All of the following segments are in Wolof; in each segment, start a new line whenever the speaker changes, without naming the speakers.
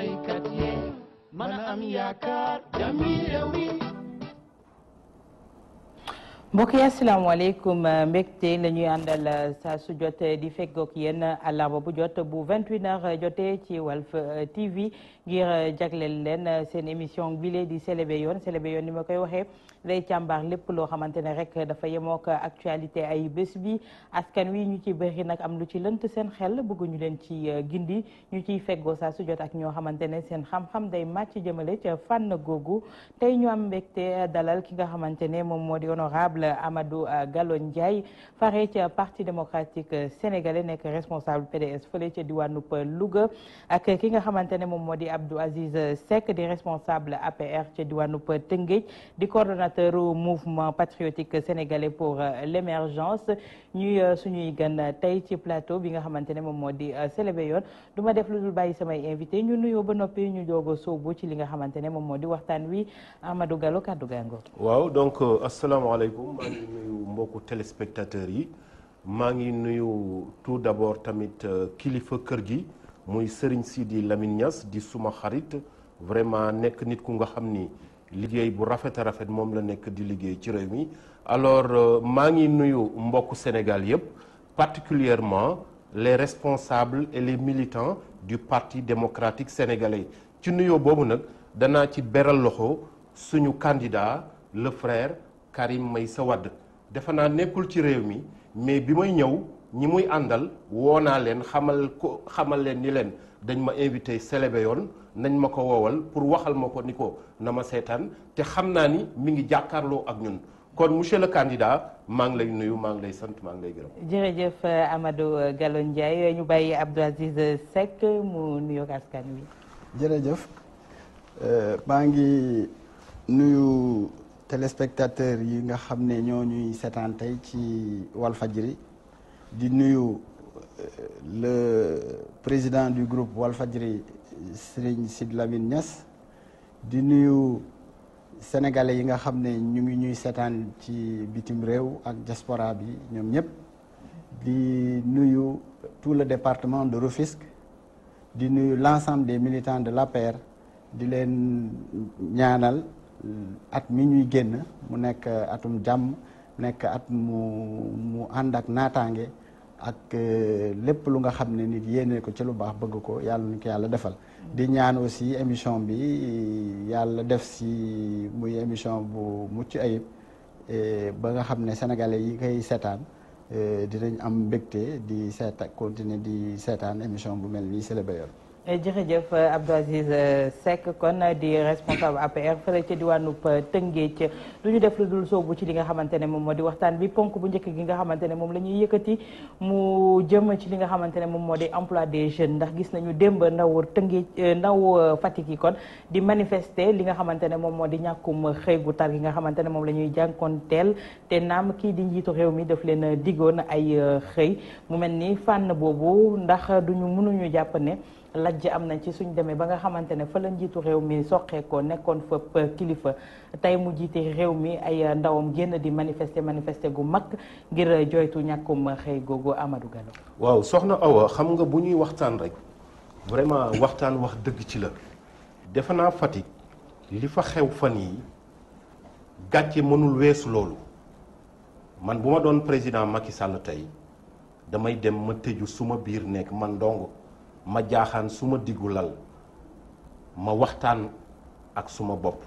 waykat yee mën am yaakaar jàmmi réew mi
mbokk yi asalaamaaleykum euh, mbégte la ñuy àndal euh, sa su jot euh, di feggoog yéen àllarba bu jot bu vingt 28h jotee ci Walf TV ngir jagleel leen seen émission bile di Selebe Yoon Selebe Yoon ni ma koy waxee. day càmbar lépp loo xamante ne rek dafa yemook actualité ay bés bi askan wi ñu ci bëri nag am lu ci lënt seen xel bëgg ñu leen ci euh, gindi ñu ciy feggoo saa su jot ak ñoo xamante ne seen xam-xam day màcc jëmale ca fànn googu tey ñu am mbégte euh, dalal ki nga xamante ne moom moo di honorable Amadou euh, Gallo Ndiaye fare ci parti démocratique sénégalais nekk responsable PDS fële ca diwaanu Louga ak ki nga xamante ne moom moo di Abdou Aziz Seck di responsable APR ca diwaanu Tëngéej coordonnateur au mouvement patriotique sénégalais pour euh, l'émergence ñuy euh, suñuy gan tey ci plateau bi nga xamante ne moom moo di célébé euh, yoon du ma def lu dul bàyyi samay invité ñu nuyoo ba noppi ñu doog a sóobu ci li nga xamante ne moom moo di waxtaan wi Amadou Gallo kàddu gàngo
waaw donc asalaamaaleykum maa ngi nuyu mbokku téléspectateurs yi maa ngi nuyu tout d'abord tamit kilifa kër gi muy Serigne Sidi Lamine Niass di suma xarit vraiment nekk nit ku nga xam ni liggéey bu rafet a rafet moom la nekk di liggéey ci réew mi alors euh, maa ngi nuyu mbokku Sénégal yëpp particulièrement les responsables et les militants du parti démocratique sénégalais ci nuyoo boobu nag danaa ci beral loxo suñu candidat la frère Karim may Wade defe naa nekkul ci réew mi mais bi may ñëw ñi muy àndal woo naa leen xamal ko xamal leen ni leen dañ ma invité célébé yoon nañ ma ko woowal pour waxal ma ko ni ko na ma seetaan te xam naa ni mi ngi jàkkaarloo ak ñun kon monsieur le candidat maa ngi lay nuyu maa ngi lay sant maa ngi lay gërëm.
jërëjëf euh, Amadou euh, Gallo Ndiaye ñu bàyyi Abdou Aziz euh, Seck mu nuyoog askan wi.
jërëjëf maa ngi nuyu téléspectateurs yi nga xam ne ñoo ñuy seetaan tey ci Walfadjri di nuyu le président du groupe Walfadjri Serigne Sidy Lamine Niass di nuyu sénégalais yi nga xam ne ñu ngi ñuy seetaan ci bitim réew ak diaspora bi ñoom ñëpp di nuyu tout le département de Rufisque di nuyu l'ensemble des militants de la l'APR di leen ñaanal at mi ñuy génn mu nekk atum jàmm nekk at mu mu ànd ak naataange ak euh, lépp lu nga xam ne nit yéene ko ci lu baax bëgg ko yàlla na ko yàlla defal di ñaan aussi émission bi yàlla def si muy émission bu mucc ayib ba nga xam ne sénégalais yi koy seetaan euh, dinañ am mbégte di seeta continuer di seetaan émission bu mel nii Sélé
Eh, jërëjëf eh, Abdou Aziz eh, Seck kon di responsable APR fële ca diwaanub Tëngéej ñu def lu dul soobu ci li nga xamante ne moom moo di waxtaan bi ponk bu njëkk gi xamante ne moom la ñuy yëkkati mu jëm ci li nga xamante ne moom moo di emploi des jeunes ndax gis nañu démb ndaw Tëngéej ndaw Fatick yi kon di manifester li nga xamante ne moom moo di ñàkkum xëy gu tar gi nga xamante ne moom la ñuy teel te naam kii di njiitu réew mi daf leen digoon ay xëy mu mel ni fànn boobu ndax duñu mënuñu jàpp ne lajj am nañ ci suñ demee ba nga xamante ne fa la njiitu réew mi soqeekoo nekkoon fëpp euh, kilifa tey mu jiite réew mi ay euh, ndawam génn di manifester manifester gu mag ngir euh, jooytu ñàkkum xëy googu Amadou Gallo.
waaw soxna Awa xam nga bu ñuy waxtaan rek vraiment waxtaan wax dëgg ci la defe naa Fatick li fa xew fan yi gàcce mënul weesu loolu man bu ma doon président Macky Sall tey damay dem ma tëju suma biir nekk man dong. ma jaaxaan suma diggu lal ma waxtaan ak suma bopp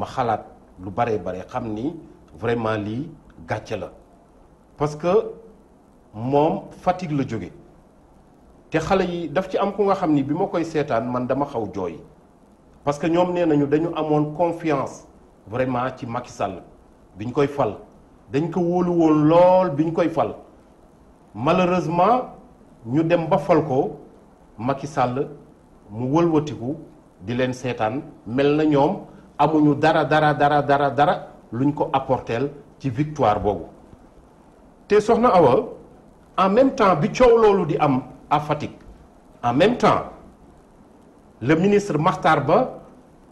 ma xalaat lu bare bare xam ni vraiment lii gàcce la parce que moom Fatick la jóge te xale yi daf ci am ku nga xam ni bi ma koy seetaan man dama xaw jooy parce que ñoom nee nañu dañu amoon confiance vraiment ci Macky Sall bi ñu koy fal dañ ko wóolu woon lool bi ñu koy fal malheureusement ñu dem ba fal ko Macky Sall mu wëlwatiku di leen seetaan mel na ñoom amuñu dara dara dara dara dara luñ ko apporteel ci victoire boobu te soxna Awa en même temps bi coow loolu di am à Fatick en même temps le ministre Makhtar Ba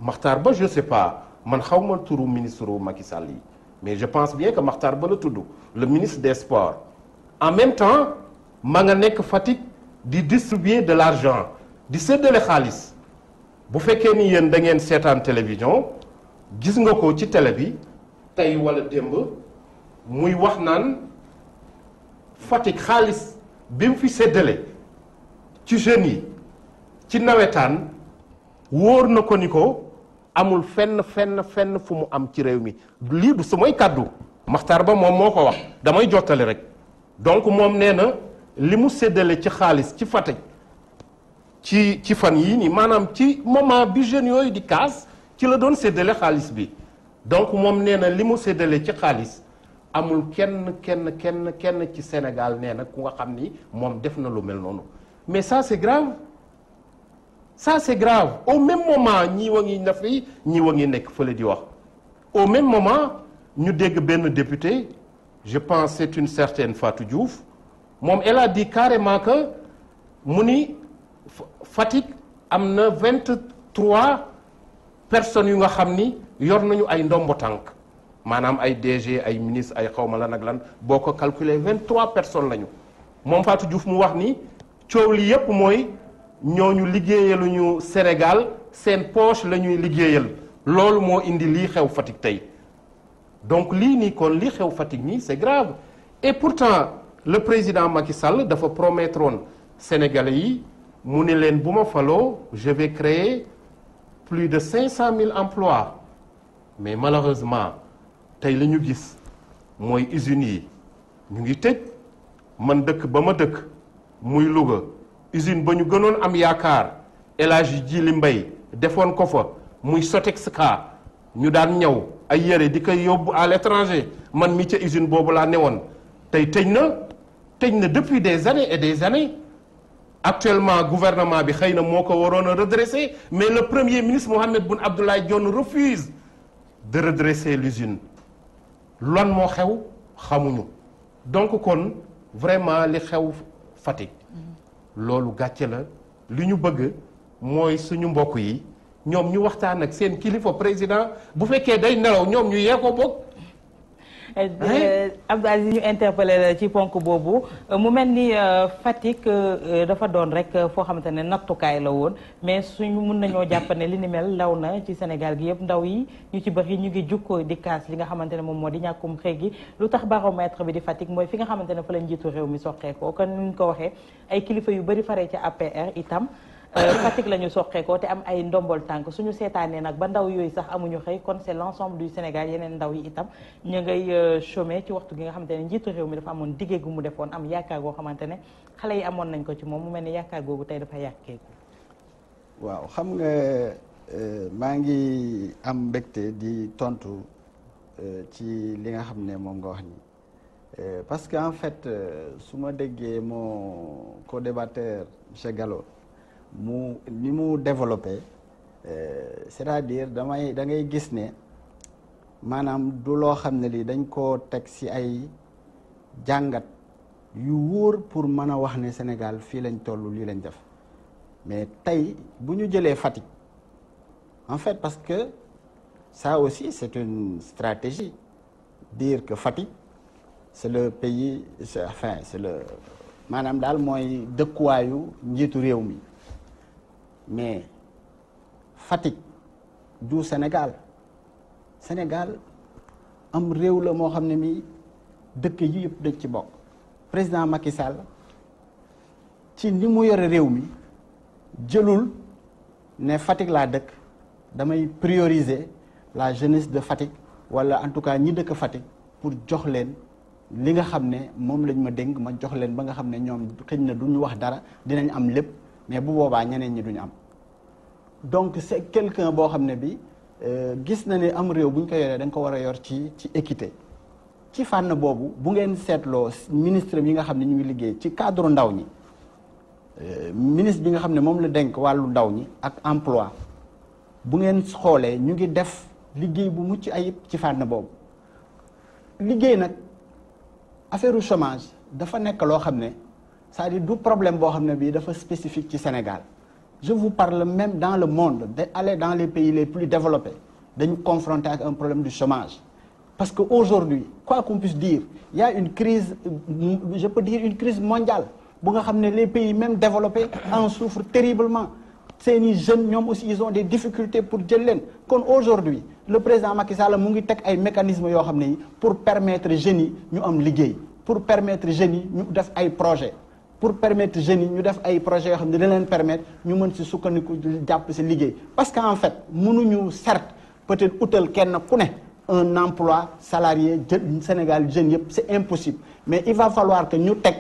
Makhtar Ba je sais pas man xaw ma turu ministre wu Macky Sall yi mais je pense bien que Makhtar Ba la tudd le ministre des sports en même temps ma nga nekk Fatick di distribuer de l'argent di séddale xaalis bu fekkee ni yéen dangeen ngeen seetaan télévision gis nga ko ci télé bi tey walla démb muy wax naan Fatick xaalis bi mu fi séddale ci jeunes yi ci nawetaan wóor na ko ni ko amul fenn fenn fenn fu mu am ci réew mi lii du samay kàddu Maxtaar Ba moom moo ko wax damay jottali rek donc moom nee li mu séddale ci xaalis ci Fatick ci ci fan yii nii maanaam ci moment bi jeunes yooyu di kaas ci la doon séddale xaalis bi donc moom nee na li mu séddale ci xaalis amul kenn kenn kenn kenn ci Sénégal nee na ku nga xam ni moom def na lu mel noonu mais ça c'est grave ça c'est grave au même moment ñii wa ngi na fi ñii wa ngi nekk fële di wax au même moment ñu dégg benn député je pense c'est une certaine Fatou Diouf moom elle a dit carrément que mu ni Fatick am na vingt trois personnes yu nga xam ni yor nañu ay ndombo tànk maanaam ay DG ay ministre ay xawma lan ak lan boo ko calculer vingt trois personnes lañu moom Fatou Diouf mu wax ni coow li yépp mooy ñooñu liggéeyaluñu Sénégal seen poche la ñuy liggéeyal loolu moo indi lii xew Fatick tey donc lii nii kon lii xew Fatick nii c'est grave et pourtant le président Macky Sall dafa promettre woon Sénégalais yi mu ne leen bu ma faloo je vais créer plus de 500 000 emplois mais malheureusement tey li ñu gis mooy usines yi ñu ngi tëj man dëkk ba ma dëkk muy Louga usine ba ñu gënoon am yaakaar El Hadji Djili Mbaye defoon ko fa muy Sotexka ñu daan ñëw ay yére di koy yóbbu à l'étranger man mi ca usine boobu laa ne woon tey tëj na. tëj na depuis des années et des années actuellement gouvernement bi xëy na moo ko waroon a redresser mais le premier ministre Mohamed Boun Abdallah Dionne refuse de redresser l'usine lon moo xew xamuñu donc kon vraiment li xew Fatick loolu gàcce la li ñu bëgg mooy suñu mbokk yi ñoom ñu waxtaan ak seen kilifa président bu fekkee day nelaw ñoom ñu yee ko bokk
Euh, ah euh, Abdou Aziz ñu interpellé ci ponk boobu euh, mu mel ni Fatick dafa doon rek foo xamante ne nattukaay la woon mais suñu mun nañoo jàpp ne li ni mel law na ci Sénégal gi yëpp ndaw yi ñu ci yi ñu ngi jukko di kaas li nga xamante ne moom moo di ñàkkum xëy gi lu tax baromètre bi di Fatick mooy fi nga xamante ne fa la njiitu réew mi soqeekoo kon nu ñu ko waxee ay kilifa yu bëri faree ci APR itam Euh, Fatick la ñu soqeekoo te am ay ndombol tànk suñu seetaanee nag ba ndaw yooyu sax amuñu xëy kon c'est l'ensemble du Sénégal yeneen ndaw yi itam ñu ngay euh, chômer ci waxtu gi nga xamante ne njiitu réew mi dafa amoon diggé gu mu defoon am yaakaar goo xamante ne xale yi amoon nañ ko ci moom mu mel ne yaakaar googu tey dafa yàqeeku
waaw xam nga euh, maa ngi am mbégte di tontu ci li nga xam ne moom nga wax ni parce que en fait su ma déggee moo co-débatteur monsieur mu ni mu développé euh, c'est-à-dire damay da ngay gis ne maanaam du loo xam ne lii dañ koo teg ci ay jàngat yu wóor pour mën a wax ne Sénégal fii lañ toll lii lañ def mais tey bu ñu jëlee Fatick en fait parce que ça aussi c'est une stratégie dire que Fatick c'est le pays c'est enfin c'est le maanaam daal mooy dëkkuwaayu njiitu réew mi mais Fatick du Sénégal Sénégal am réew la moo xam ne mi dëkk yi yëpp dañ ci bokk président Macky Sall ci ni mu yore réew mi jëlul ne Fatick laa dëkk damay prioriser la jeunesse de Fatick wala en tout cas ñi dëkk Fatick pour jox leen li nga xam ne moom lañ ma dénk ma jox leen ba nga xam ne ñoom xëñ na duñu wax dara dinañ am lépp mais bu boobaa ñeneen ñi duñu am donc c'est quelqu'un boo xam ne bi euh, gis na ne am réew bu ñu ko yoree da ko war a yor ci ci équité ci fànn boobu bu ngeen seetloo ministre yi nga xam ne ñu ngi liggéey ci cadre ndaw ñi euh, ministre bi nga xam ne moom la dénk wàllu ndaw ñi ak emploi bu ngeen xoolee ñu ngi def liggéey bu mucc ayib ci fànn boobu liggéey nag affaire chômage dafa nekk loo xam ne cest à du problème boo xam ne bii dafa spécifique ci Sénégal je vous parle même dans le monde d'aller dans les pays les plus développés dañu confronté ak un problème du chômage parce que aujourd'hui quoi qu'on puisse dire il y a une crise euh, je peux dire une crise mondiale bu nga xam ne les pays même développés en souffrent terriblement seeni jeunes ñoom aussi ils ont des difficultés pour jël leen kon aujourd'hui le président Macky Sall mu ngi teg ay mécanismes yoo xam ne yi pour permettre jeunes yi ñu am liggéey pour permettre jeunes yi ñu def ay projets pour permettre jeunes yi ñu def ay projet yoo xam ne dina leen permettre ñu mën si sukkandiku jàpp si liggéey parce que en fait ñu certes peut-être utal kenn ku ne un emploi salarié jë Sénégal jeunes yëpp c'est impossible mais il va falloir que ñu teg.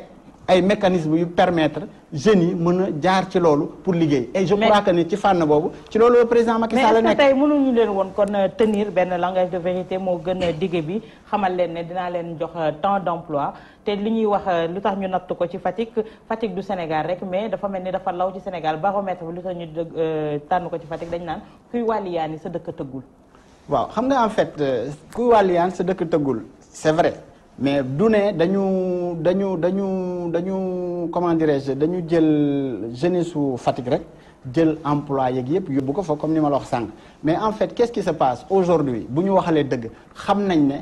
ay mécanismes yu permettre jeunes yi mën a jaar ci loolu pour liggéey. et je crois que ni ci fànn boobu ci loolu la président Macky
Sall la nekk. mais est-ce que tey mënuñu leen woon kon euh, tenir benn langage de vérité moo gën a digg bi xamal leen ne dinaa leen jox euh, temps d'emploi te li ñuy wax euh, lu tax ñu natt ko ci Fatick Fatick du Sénégal rek mais dafa mel ni dafa law ci Sénégal baromètre bi lu tax ñu tànn ko ci Fatick dañ naan kuy wàlliyaani sa dëkk tëggul.
waaw xam nga en fait kuy wàlliyaan sa dëkk tëggul c'est vrai. mais du ne dañu dañu dañu dañu comment dirais-je dañu jël jeunesse su Fatick rek jël emploi yeeg yëpp yóbbu ko fa comme ni ma la wax sànq mais en fait qu'est-ce qui se passe aujourd'hui bu ñu waxalee dëgg xam nañ ne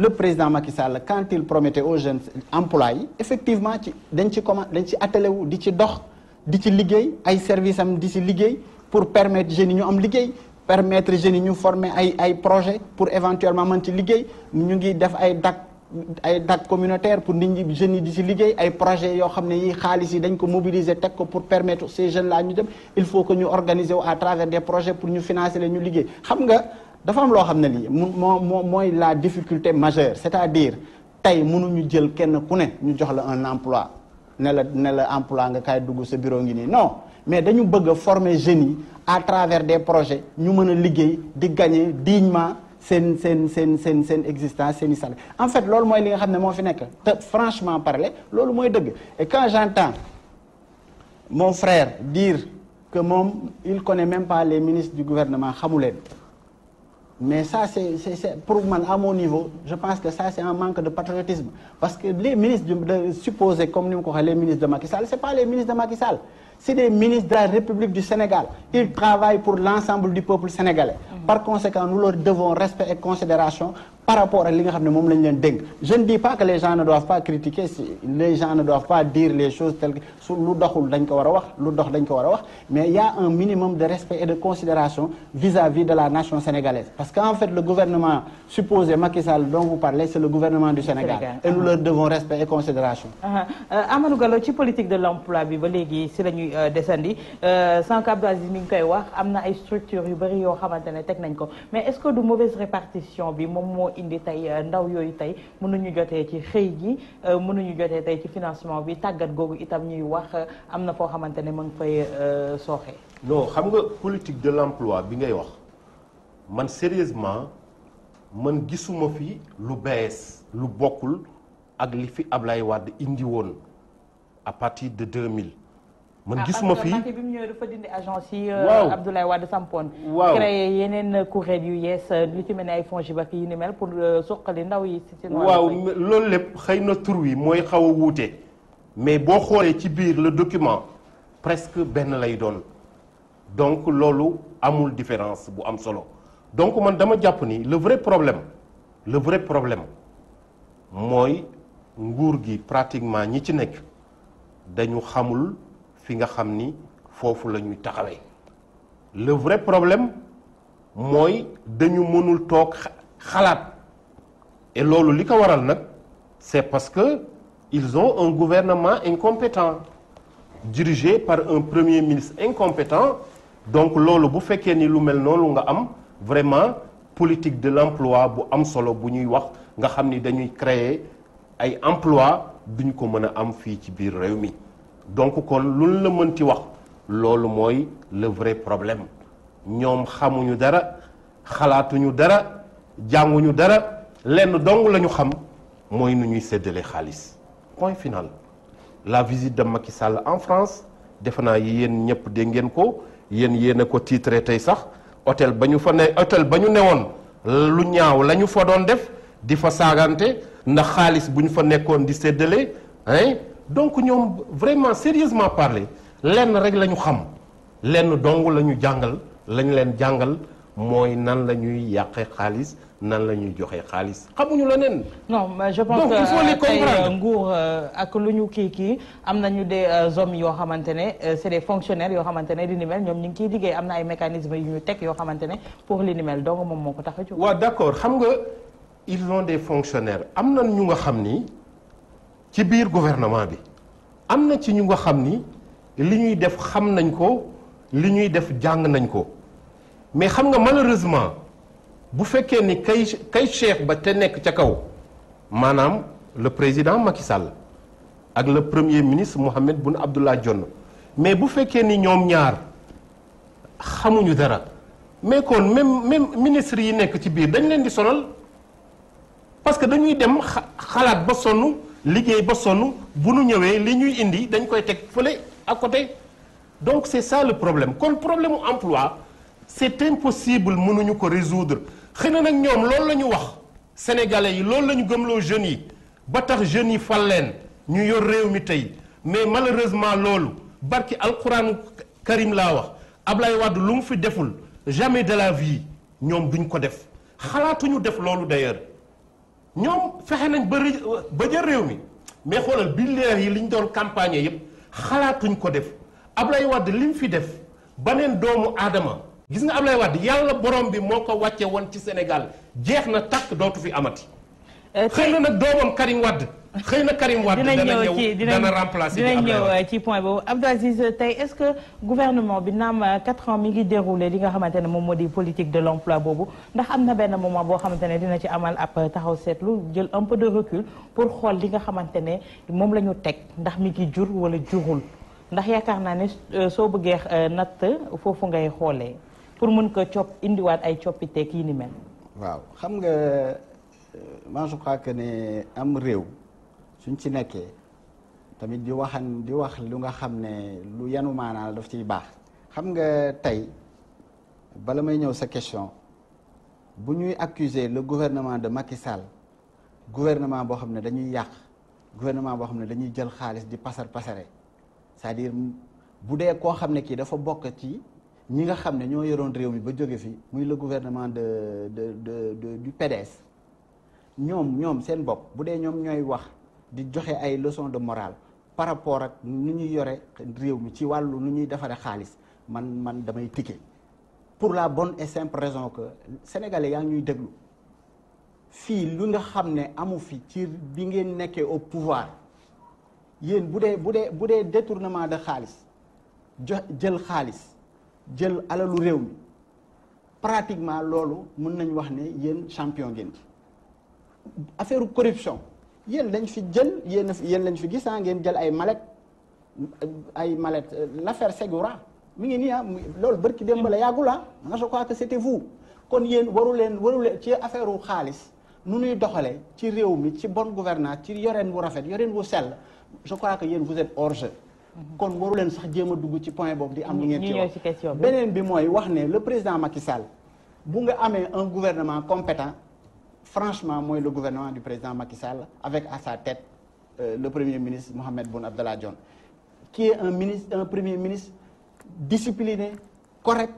le président Macky Sall quand il promettait aux jeunes emploi yi effectivement ci dañ ci comment dañ ci attelé wu di ci dox di ci liggéey ay service am di ci liggéey pour permettre jeunes ñu am liggéey permettre jeunes yi ñu former ay ay projet pour éventuellement mën ci liggéey ñu ngi def ay dak ay DAC communautaire pour nit ñi jeunes yi di ci liggéey ay projet yoo xam ne yi xaalis yi dañ ko mobiliser teg ko pour permettre ces jeunes là ñu dem il faut que ñu organiser wu à travers des projets pour ñu financer leen ñu liggéey xam nga dafa am loo xam ne lii moo moo mooy la difficulté majeure c'est-à-dire tey mënuñu jël kenn ku ne ñu jox la un emploi ne la ne la emploi nga kaay dugg sa bureau ngi nii non mais dañu bëgg a former jeunes yi à travers des projets ñu mën a liggéey di gagner dignement seen seen seen seen seen existence seen i salaire en fait loolu mooy li nga xam ne moo fi nekk te franchement parler loolu mooy dëgg et quand j'entends mon frère dire que moom il connaît même pas les ministres du gouvernement xamu leen mais ça c'est c'est c'est pour man à mon niveau je pense que ça c'est un manque de patriotisme parce que les ministres de supposé comme ni ma ko waxee les ministres de Macky Sall c'est pas les ministres de Macky Sall c'est des ministres de la République Sénégal Par conséquent, nous leur devons respect et considération par rapport ak li nga xam ne moom lañ leen dénk je ne dis pas que les gens ne doivent pas critiquer les gens ne doivent pas dire les choses telles lu doxul dañ ko war a wax lu dox dañ ko war a wax mais il un minimum de respect et de considération vis-à-vis de la nation sénégalaise parce qu'en fait le gouvernement supposé Macky Sall dont vous parlez c'est le gouvernement du Sénégal et nous ah. leur devons respect et considération
ah, ah. Euh, Amadou Gallo ci politique indi tey euh, ndaw yooyu tey mënuñu jotee ci xëy gi euh, mënuñu jotee tey ci financement bi tàggat googu itam ñuy wax euh, am na foo xamante ne ma ngi fay soxe non xam nga politique
de l'emploi bi ngay wax man sérieusement man gisuma fi lu bees lu bokkul ak li fi Ablaye Wade indi woon à partir de 2000. man ah, gisuma fii Macky
dafa dindi agence yi. Euh, waaw Abdoulaye Wade sampoon. waaw créé yeneen kuréel yu yees euh, lu ci mel ne ay FONGIP ak yu ni mel pour euh, suqali ndaw yi. si seen waaw
loolu lépp xëy na tur wi mooy xaw a wuute. mais boo xoolee ci biir le document presque benn lay doon donc loolu amul différence bu am solo donc man dama jàpp ni le vrai problème le vrai problème mooy nguur gi pratiquement ñi ci nekk dañu xamul. fi nga xam ni foofu la ñuy taxawee le vrai problème mooy dañu mënul toog xalaat et loolu li ko waral nag c'est parce que ils ont un gouvernement incompétent dirigé par un premier ministre incompétent donc loolu bu fekkee ni lu mel noonu nga am vraiment politique de l'emploi bu am solo bu ñuy wax nga xam ni dañuy créer ay emploi duñ ko mën a am fii ci biir réew mi donc kon luñ la mënti wax loolu mooy le vrai problème ñoom xamuñu dara xalaatuñu dara jànguñu dara lenn dong la ñu xam mooy nu ñuy séddale xaalis point final la visite de Macky Sall en France defe naa yéen ñëpp dégg ngeen ko yéen yéen a ko titré tey sax hôtel ba ñu fa ne hôtel ba ñu newoon lu ñaaw la ñu fa doon def di fa saagante ndax xaalis bu ñu fa nekkoon di séddale hein donc ñoom vraiment sérieusement parler lenn rek la ñu xam lenn dong la ñu jàngal la leen jàngal mooy nan la ñuy yàqee xaalis nan la ñuy joxe xaalis
xamuñu leneen. non mais je pense donc, il euh, euh, nguur euh, ak lu ñu kii kii am na nañu des hommes yoo xamante ne c'est des fonctionnaires yoo xamante ne li mel ñoom ñu ngi ciy liggéey am na ay mécanisme yu ñu teg yoo xamante ne pour li ni mel donc moom moo ko tax a jóg.
waaw d'accord xam nga ils ont des fonctionnaires am na ñu nga xam ni. ci biir gouvernement bi am na ci ñu nga xam ni li ñuy def xam nañ ko li ñuy def jàng nañ ko mais xam nga malheureusement bu fekkee ni kay kay cheikh ba te nekk ca kaw maanaam le président Macky Sall ak le premier ministre Mohamed Boun Abdallah Dionne mais bu fekkee ni ñoom ñaar xamuñu dara mais kon même même ministre yi nekk ci biir dañ leen di sonal parce que dañuy dem xalaat ba sonn liggéey ba sonn bu nu ñëwee li ñuy indi dañ koy teg fële à côté donc c'est ça le problème kon problème mu emploi c'est impossible mënuñu ko résoudre xëy na nag ñoom loolu la ñu wax sénégalais yi loolu la ñu gëmloo jeunes yi ba tax jeunes yi fal leen ñu yor réew mi tey mais malheureusement loolu barki alquranu karim laa wax Ablaye Wade lu mu fi deful jamais de la vie ñoom duñ ko def xalaatuñu def loolu d'ailleurs ñoom fexe nañ ba ba jël réew mi mais xoolal billaahi yi liñ doon campagne yëpp xalaatuñ ko def ab Wade li liñ fi def beneen doomu aadama gis nga Ablaye Wade yàlla borom bi moo ko wàcce woon ci Sénégal jeex na takk dootu fi amati.
Euh, xëy na nag doomam Karim Wade. xëy na Karim Wade dana ñëw dana remplacer dinañ ñëw euh, ci point boobu Abdou Aziz euh, tey est-ce que gouvernement bi naam 4 euh, ans mi ngi déroulé li nga xamante ne moom moo di politique de l'emploi boobu ndax am na benn moment boo xamante ne dina ci amal ab taxaw seetlu jël un peu de recul pour xool li nga xamante ne moom la ñu teg ndax mi ngi jur wala jurul ndax yaakaar naa ne soo bëggee natt foofu ngay xoolee pour mën ko cop indiwaat ay coppiteeg yi ni mel.
waaw xam nga man am réew. suñ ci nekkee tamit di waxan di wax lu nga xam ne lu yanu maanaal daf ciy baax xam nga tey bala may ñëw sa question bu ñuy accuser le gouvernement de Macky gouvernement boo xam ne dañuy yàq gouvernement boo xam ne dañuy jël xaalis di pasar pasare cest à bu dee koo xam ne kii dafa bokk ci ñi nga xam ne ñoo yoroon réew mi ba jóge fi muy le gouvernement de de de du PDS ñoom ñoom seen bopp bu dee ñoom ñooy wax di joxe ay leçons de morale par rapport ak nu ñuy yore réew mi ci wàllu nu ñuy defaree xaalis man man damay tikke pour la bonne et simple raison que sénégalais yaa ngi ñuy déglu fii lu nga xam ne amu fi ci bi ngeen nekkee au pouvoir yéen bu dee bu dee bu dee détournement de xaalis jo jël xaalis jël alalu réew mi pratiquement loolu mun nañu wax ne yéen champion ngeen ci affaire corruption yéen lañ fi jël yéen yéen lañ fi gis ah, ngeen jël ay mallette ay mallette euh, l'affaire Segura mi ngi nii ah loolu barki démb la yàggul ah je crois que c'était vous kon yéen waru leen waru ci affaire wu xaalis nu nuy doxalee ci réew mi ci bonne gouvernance ci yoreen wu rafet yoreen wu sell je crois que yéen vous êtes hors mm-hmm. kon waru leen sax jéem a dugg ci point boobu di am lu ngeen
ci beneen
bi mooy wax ne le président Macky Sall bu nga amee un gouvernement compétent franchement mooy le gouvernement du président Macky Sall avec à sa tête euh, le premier ministre Mohamed Boun Abdallah Dionne qui est un ministre un premier ministre discipliné correct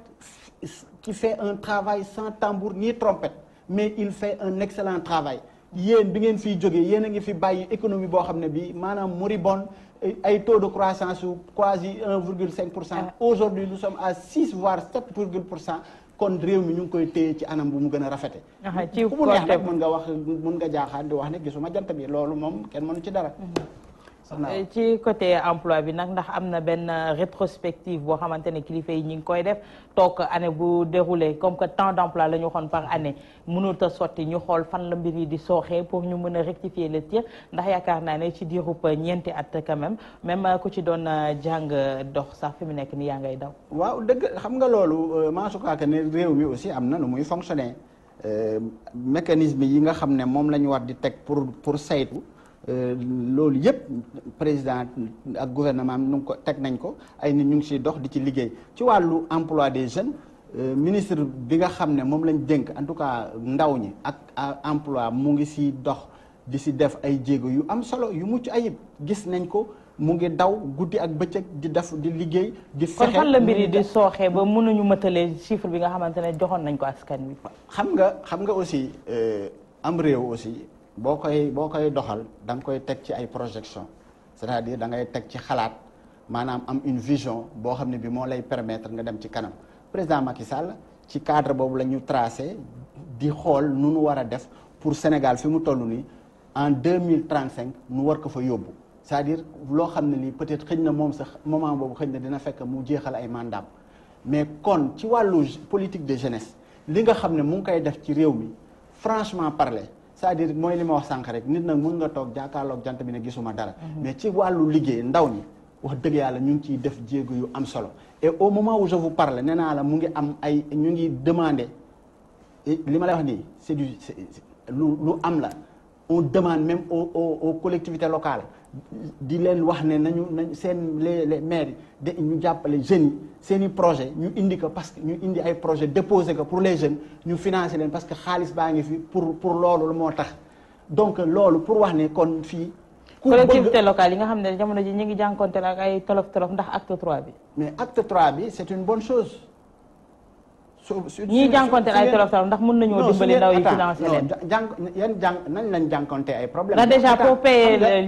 qui fait un travail sans tambour ni trompette mais il fait un excellent travail yéen bi ngeen fiy jógee yéen a ngi fi bàyyi économie boo xam ne bii maanaam moribond ay taux de croissance su quasi 1,5 pour cent ah. aujourd'hui nous sommes à 6 voire 7 pour cent kon réew mi ñu ngi koy téye ci anam bu mu gën a rafete ku mu mën nga wax mën nga jaaxaat di wax ne gisuma jant bi loolu moom kenn mënu ci dara mhm.
Eh, ci côté emploi bi nag ndax am na benn rétrospective boo xamante ne kilifa yi ñu ngi koy def toog année bu déroulé comme que temps d' emploi la ñu waxoon par année mënut a sotti ñu xool fan la mbir yi di sooxee pour ñu mën a rectifier le tir ndax yaakaar naa ne ci diirub ñeenti at quand même ku ci doon euh, jàng dox sax fi mu nekk nii yaa ngay daw.
waaw dëgg xam nga loolu euh, maa sukaaka ne réew mi aussi am na nu muy fonctionner euh, mécanisme yi nga xam ne moom la ñu war di teg pour pour saytu. Euh, loolu yëpp président ak gouvernement nu ngi ko teg nañ ko ay nit ñu ngi siy dox di ci liggéey ci wàllu emploi des jeunes euh, ministre bi nga xam ne moom lañ dénk en tout cas ndaw ñi ak emploi mu ngi si dox di si def ay jéego yu am solo yu mucc ayib gis nañ ko mu ngi daw
guddi ak bëccëg di def di liggéey. di fexe kon fan la mbir yi di sooxee ba mënuñu mëtalee chiffre bi nga xamante ne joxoon nañ ko askan wi.
xam nga xam nga aussi euh, am réew aussi. boo koy boo koy doxal da nga koy teg ci ay projection c'est-à-dire da ngay teg ci xalaat maanaam am une vision boo xam ne bi moo lay permettre nga dem ci kanam président Macky Sall ci cadre boobu la ñu tracé di xool nu nu war a def pour Sénégal fi mu toll nii en deux mille trente cinq nu war ko fa yóbbu c'est-à-dire loo xam ne lii peut-être xëñ na moom sax moment boobu xëñ ne dina fekk mu jeexal ay mandat mais kon ci wàllu politique de jeunesse li nga xam ne mu ngi koy def ci réew mi franchement parler c'est-à-dire mooy li ma wax sànq rek nit na mun nga toog jàkkaarloog jant bi ne gisuma dara. Mhm. mais ci wàllu liggéey ndaw ñi wax dëgg yàlla ñu ngi ciy def jéego yu am solo et au moment où je vous parle nee naa la mu ngi am ay ñu ngi demander li ma lay wax nii c'est du lu am la on demande même o collectivité aux di leen wax ne nañu nañ seen les les maires de ñu jàppale jeunes yi seen i projet ñu indi ko parce que ñu indi ay projet déposé ko pour les jeunes ñu financer leen parce que xaalis baa ngi fi pour pour loolu moo tax donc loolu pour wax ne kon fii collectivité
locale yi nga xam ne jamono ji ñu ngi jànkoonte ak ay tolof tolof ndax acte 3 bi mais acte 3 bi c'est une bonne chose
su su ñiy jànkonteel ay tolof tolof ndax mën nañoo dimbali ndaw yi financé leen
jàng yan jàng
nañ lañ jànkonte
ay problème ndax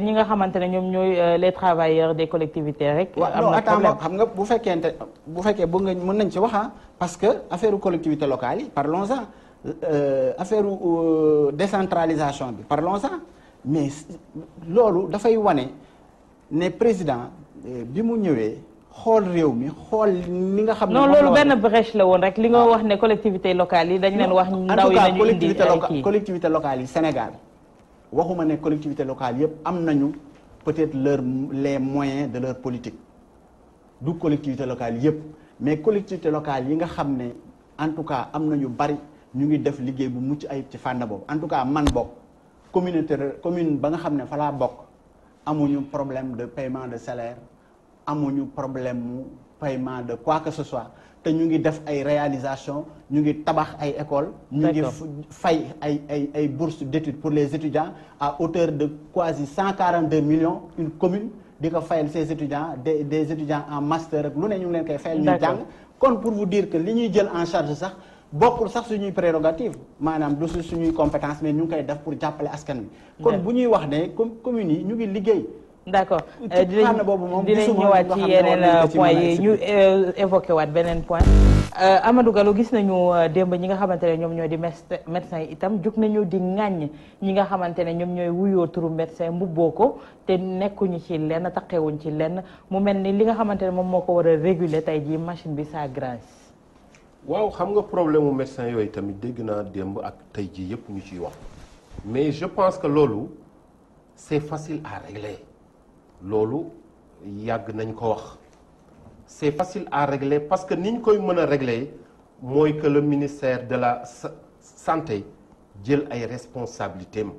ñi nga xamante ne ñoom ñooy euh, les travailleurs des collectivités rek am na problème xam nga bu fekkente bu fekkee bëgg nga mën nañ ci waxa ah, parce que
affaire collectivité locale yi parlons-en euh, affaire euh, décentralisation bi parlons-en mais loolu dafay wane ne président bi mu ñëwee xool réew mi xool li nga xam ne non loolu benn
brèche la woon rek li nga ah. wax ne collectivité locale yi dañ leen wax ndaw yi nañu indi eh, kii collectivité locale yi Sénégal
waxuma ne collectivité locale yëpp am nañu peut-être leur les moyens de leur politique du collectivité locale yëpp mais collectivité locale yi nga xam ne en tout cas am nañu bari ñu ngi def liggéey bu mucc ayib ci fànn boobu en tout cas man bokk communauté commune ba nga xam ne fa bokk amuñu problème de paiement de salaire amuñu problème mu paiement de quoi que ce soit te ñu ngi def ay réalisation ñu ngi tabax ay école ñu ngi fay ay ay ay bourses d'études pour les étudiants à hauteur de quasi 142 millions une commune di ko fayal ses étudiants des des étudiants en master rek lu ne ñu ngi leen koy fayal ñu jàng kon pour vous dire que li ñuy jël en charge sax bokkul sax suñuy prérogative maanaam du suñuy compétence mais ñu ngi koy def pour jàppale askan bi kon bu ñuy wax ne comme communes yi ñu ngi liggéey d'accord euh, dinañ dinañ ñëwaat ci yeneen euh, point yi ñu
euh, évoqué waat beneen point Amadou Gallo gis nañu démb ñi nga xamante ne ñoom ñoo di médecin yi itam jug nañu di ŋàññ ñi nga xamante ne ñoom ñooy wuyoo turu médecin mbubboo ko te nekkuñu ci lenn taqewuñ ci lenn mu mel ni li nga xamante ne moom moo ko war a réguler tey jii machine bi sa grâce waaw
xam nga problème mu médecin yooyu tamit dégg naa démb ak tey jii yëpp ñu ci wax mais je pense que loolu c'est facile à régler loolu yàgg nañ ko wax c'est facile à régler parce que ni ñu koy mën a régler mooy que le ministère de la santé jël ay responsabilités am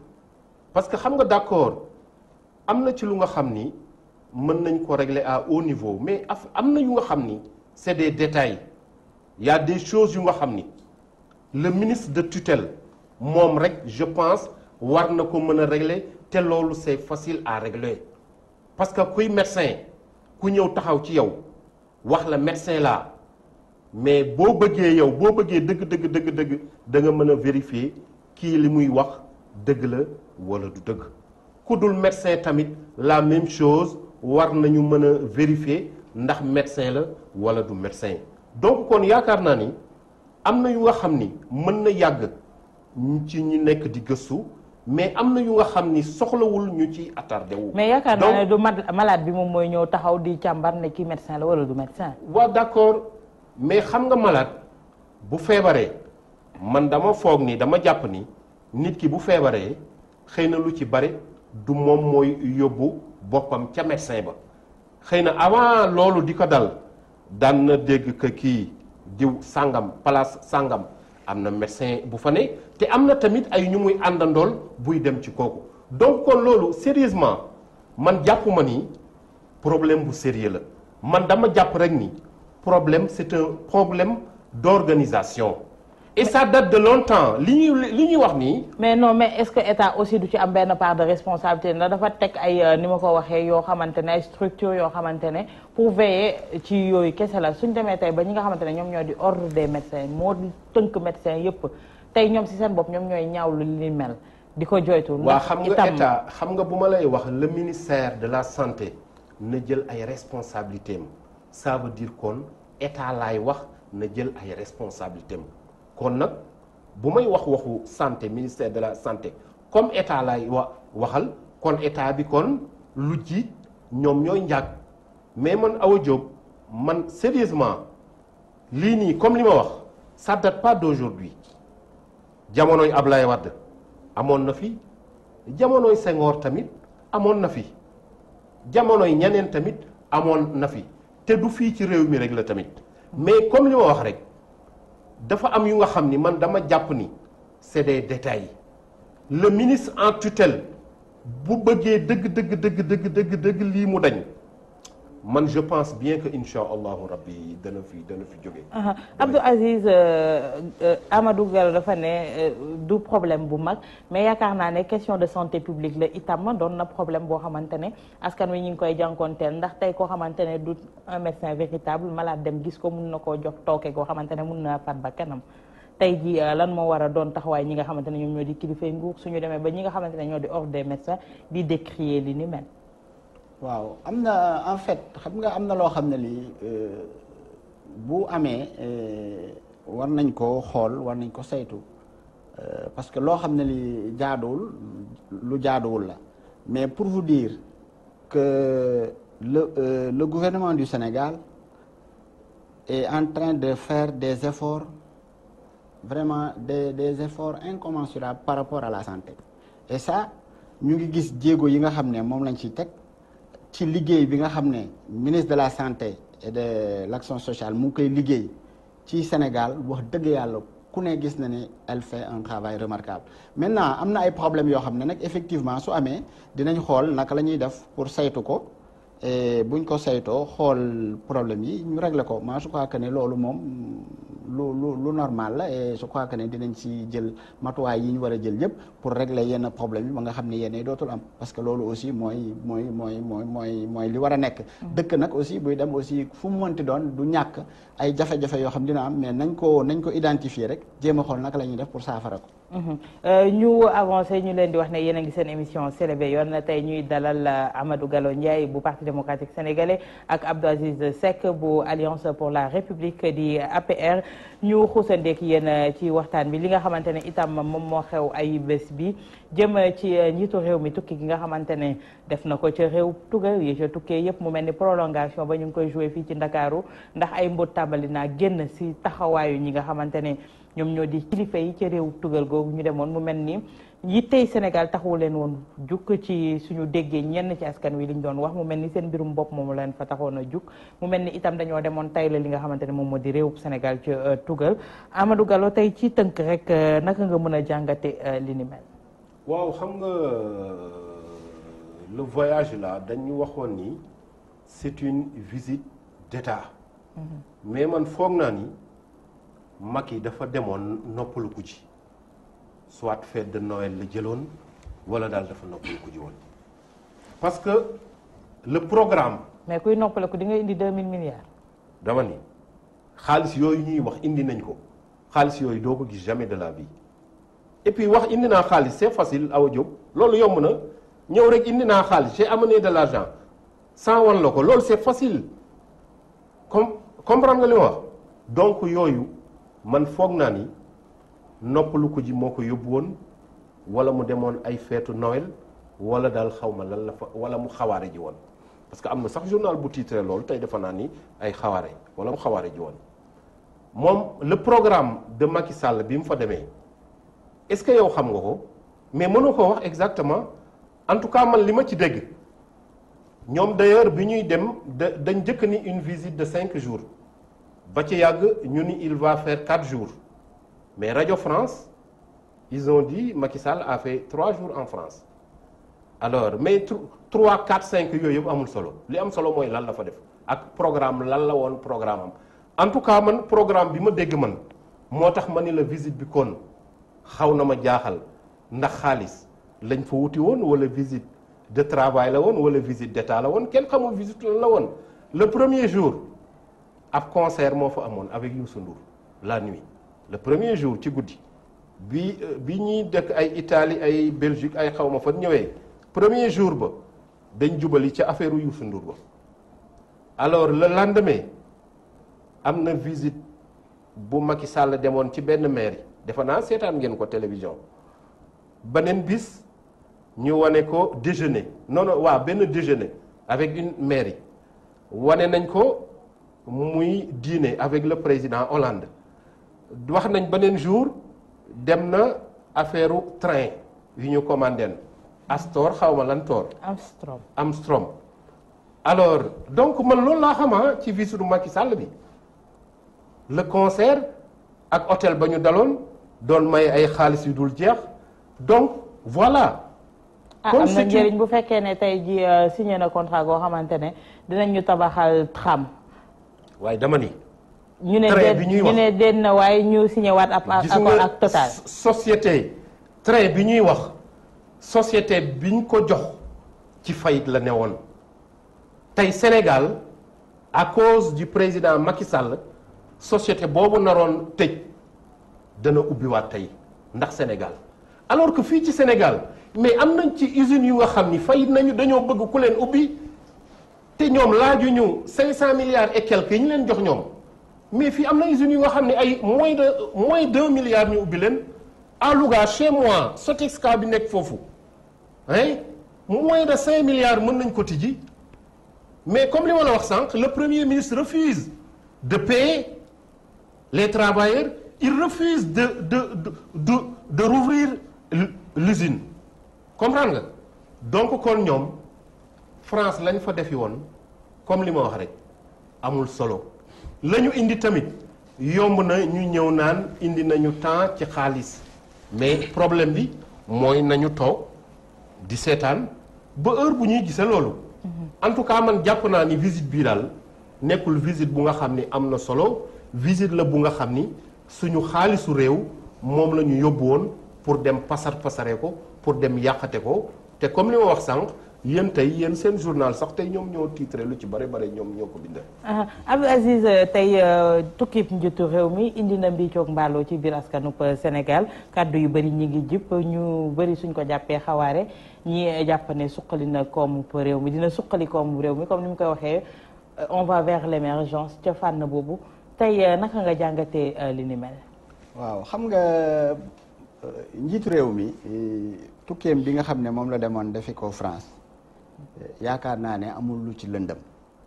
parce que xam nga d'accord am na ci lu nga xam ni mën nañ ko régler à haut niveau mais af am na yu nga xam ni c'est des détails il y a des choses yu nga xam ni le ministre de tutelle moom rek je pense war na ko mën a régler te loolu c'est facile à régler parce que kuy médecin ku ñëw taxaw ci yow wax la médecin laa mais boo bëggee yow boo bëggee dëgg dëgg dëgg dëgg da mën a vérifier kii li muy wax dëgg la wala du dëgg ku dul médecin tamit la même chose war nañu mën a vérifier ndax médecin la wala du médecin donc kon yaakaar naa ni am na yu nga xam ni mën na yàgg ci ñu nekk di gëstu mais am na yu nga xam ni soxlawul ñu ci attardé wu. mais yaakaar naa ne
du malaat bi moom mooy ñëw taxaw di càmbar ne kii médecin la wala du médecin. waaw d'accord
mais xam nga malaat bu feebaree man dama foog ni dama jàpp ni nit ki bu feebaree xëy na lu ci bari du moom mooy yóbbu boppam ca médecin ba xëy na avant loolu di ko dal daan na dégg que kii diw sàngam place sàngam. am na médecin bu fa ne te am na tamit ay ñu muy àndandool buy dem ci kooku donc kon loolu sérieusement man jàpp ma ni problème bu sérieux la man dama jàpp rek ni problème c'est un problème d'organisation et ça date de longtemps li ñuy li ñuy wax nii.
mais non mais est-ce que état aussi du ci am benn part de responsabilité ndax dafa teg ay euh, ni ma ko waxee yoo xamante ne ay structure yoo xamante ne pour veiller ci yooyu kese la suñ demee tey ba ñi nga xamante ne ñoom ñoo di ordre des médecins moo tënk médecins yépp tey ñoom ci seen bopp ñoom ñooy ñaaw ñaawlu li mel di ko joytu. waa xam nga état
xam nga bu ma lay wax la ministère de la santé na jël ay responsabilités am ça veut dire kon état wax na jël ay responsabilités kon nag bu may wax waxu santé ministère de la santé comme état lay wa waxal kon état bi kon lu ci ñoom ñooy njàgg mais man Awa Diop man sérieusement lii nii comme li ma wax ça date pas d'aujourd'hui jamonoy Ablaye Wade amoon na fi jamonoy sengoor tamit amoon na fi jamonoy ñeneen tamit amoon na fi te du fii ci réew mi rek la tamit mais comme li ma wax rek dafa am yu nga xam ni man dama jàpp ni c'est des détails le ministre en tutelle bu bëggee dëgg dëgg dëgg dëgg dëgg dëgg lii mu dañ man je pense bien que incha allahu rabbi dana fi dana fi jóge.
Abdou Aziz euh, euh, Amadou Gallo dafa ne euh, du problème bu mag mais yaakaar naa ne question de santé publique la itam doon na problème boo xamante ne askan wi ñu ngi koy jànkoonteel ndax tey koo xamante ne du un médecin véritable malade dem gis ko mun na koo jox tooke koo xamante ne mun na faat ba kanam tey ji lan moo war a doon taxawaay ñi nga xamante ne ñoom ñoo di kilifay nguur suñu demee ba ñi nga xamante ne ñoo di ordre des médecins di décrier li ni mel. waaw am na en fait
xam nga am na loo xam ne lii euh, bu amee euh, war nañ ko xool war nañ ko saytu euh, parce que loo xam ne lii jaaduwul lu jaaduwul la mais pour vous dire que le le gouvernement du Sénégal est en train de faire des efforts vraiment des des efforts incommensurables par rapport à la santé et ça ñu ngi gis jéego yi nga xam ne moom lañ ciy teg. ci liggéey bi nga xam ne ministre de la santé et de l'action sociale mu ngi koy liggéey ci Sénégal wax dëgg yàlla ku ne gis na ni elle fait un travail remarquable maintenant am na ay problèmes yoo xam ne nag effectivement su amee dinañ xool naka la ñuy def pour saytu ko Eh, buñ ko saytoo xool problème yi ñu réglé ko man je crois que ne loolu moom lu lu lu normal la e je crois que ne dinañ si jël matuwaay yi ñu war a jël yëpp pour régler yenn problème yi ma nga xam ne yenn dootul am parce que loolu aussi mooy mooy mooy mooy mooy mooy li war a nekk. Mm. dëkk nag aussi buy dem aussi fu mu mënti doon du ñàkk ay jafe-jafe yoo xam dina am mais nañ ko nañ ko identifier rek jéem a xool nag la ñuy def pour saafara
ko. Euh, ñu avancé ñu leen di wax ne yéen a ngi seen émission Selebe Yoon na tey ñuy dalal Amadou Gallo Ndiaye bu parti démocratique sénégalais ak Abdou Aziz Seck bu alliance pour la république di APR ñu xuusandeek yéen ci waxtaan bi li nga xamante ne itam moom moo xew ay bés bi jëm ci njiitu réew mi tukki gi nga xamante ne def na ko ca réew tuga yi ca tukkee yëpp mu mel ni prolongation ba ñu ngi koy joué fii ci Ndakaaru ndax ay mbóot tàmbali naa génn si taxawaayu ñi nga xamante ne ñoom ñoo di kilifa yi ca réew tugal googu ñu demoon mu mel ni yittey Sénégal taxu leen woon jukk ci suñu déggee ñenn ci askan wi liñ doon wax mu mel ni seen mbirum bopp moomu leen fa taxoon a jug mu mel ni itam dañoo demoon tay la li nga xamante ne moom moo di réewub Sénégal ci euh, tugal Amadou galo tey ci tënk rek euh, naka nga mën a jàngate euh, li ni mel.
waaw xam nga lu voyage là dañu waxoon ni c'est une visite d'état. Mm-hmm. mais man foog naa ni. mag yi dafa demoon noppalu ku ji soit fête de Noël la jëloon wala daal dafa noppalu ku ji woon parce que le programme.
mais kuy noppale ko di nga indi 2000 milliards.
dama ni xaalis yooyu ñuy wax indi nañ ko xaalis yooyu doo ko gis jamais de la vie et puis wax indi naa xaalis c'est facile Awa Diop loolu yomb na ñëw rek indi naa xaalis j'ai amené de l'argent sans wan la ko loolu c'est facile comme comprendre nga li wax donc yooyu. man foog naa ni noppalu ko ji moo ko yóbbu woon wala mu demoon ay feetu Noël wala daal xaw ma lan la fa wala mu xawaare ji woon parce que am na sax journal bu titré loolu tey defe naa ni ay xawaare wala mu xawaare ji woon moom le programme de Macky Sall bi mu fa demee est-ce que yow xam nga ko mais mënoo ko wax exactement en tout cas man li ma ci dégg ñoom d'ailleurs bi ñuy dem da dañ njëkk ni une visite de cinq jours ba ci yàgg ñu ni il va faire quatre jours mais Radio France ils ont dit Macky Sall a fait trois jours en France alors mais trois quatre cinq yooyu yëpp amul solo li am solo mooy lan la fa def ak programme lan la woon programme am en tout cas man programme bi ma dégg man moo tax ma ni la visite bi kon xaw na ma jaaxal ndax xaalis lañ fa wuti woon wala visite de travail la woon wala visit d'état la woon kenn xamul visite lan la woon le premier jour ab concert moo fa amoon avec Youssou Ndour la nuit le premier jour ci guddi bi euh, bi ñuy dëkk ay Italie ay Belgique ay xaw ma fa ñëwee premier jour ba dañ jubali ca affaire Youssou Ndour ba alors la lendemain am na visite bu Macky Sall demoon ci benn mairie defe naa seetaan ngeen ko télévision beneen bis ñu wane ko déjeuner non waa benn déjeuner avec une mairie wane nañ ko. muy dîner avec le président Hollande wax nañ beneen jour dem na affaire train yu ñu commandé Astor xaw ma lan toor Amstrom Amstrom alors donc man loolu laa xamaa ah, ci visitu Macky sàll bi le concert ak hôtel ba ñu daloon doon may ay xaalis yu dul jeex donc voilà.
Ah, comme am na njëriñ bu fekkee ne tey ji euh, signé na contrat goo xamante ne dinañ tabaxal tram.
waaye dama ni. train bi ñuy wax ñu ne
déet na waaye ñu signé waat ab accord ak Total.
société train bi ñuy wax société biñ ko jox ci fayit la ne woon tey Sénégal à cause du président Macky Sall société boobu naroon tëj dana ubbiwaat tey ndax Sénégal alors ko fii ci Sénégal mais am nañ ci usines yu nga xam ni fayit nañu dañoo bëgg ku leen ubbi. te ñoom laaju ñu 500 milliards et quelques yi ñu leen jox ñoom mais fii am na usines yu nga xam ne ay moins de moins 2 milliards ñu ubbi leen à Louga chez moi Sotexka bi nekk foofu hein moins de 5 mën nañ ko tijji mais comme li ma la wax sànq le premier ministre refuse de payer les travailleurs il refuse de de de de, de l'usine comprendre nga donc kon ñoom. France lañ fa defi woon comme li ma wax rek amul solo la ñu indi tamit yomb na ñu ñëw naan indi nañu temps ci xaalis mais problème bi mooy nañu toog di seetaan ba heure bu ñuy gisee loolu. en tout cas man jàpp naa ni visite bii daal nekkul visite bu nga xam ni am na solo visite la bu nga xam ni suñu xaalisu réew moom la ñu yóbbu woon pour dem pasar pasaree ko pour dem yàqate ko te comme li ma wax sànq. yéen tey yéen seen journal sax tey ñoom ñoo titré lu ci bare bare ñoom ñoo ko bindal.
Ah, Abdou Aziz euh, tey euh, tukkib njiitu réew mi indi na mbiicoog mbaaloo ci biir askanub euh, Sénégal kàddu yu bëri ñi ngi jip ñu bari suñ ko jàppee xawaare ñi jàpp ne suqali na koomu réew mi dina suqali koomu réew mi comme ni mu koy waxee on va vers l'émergence ca fànn boobu tey naka nga jàngatee li
waaw xam nga njiit réew mi tukkeem bi nga xam ne moom la demoon def ko France. yaakaar naa ne amul lu ci lëndëm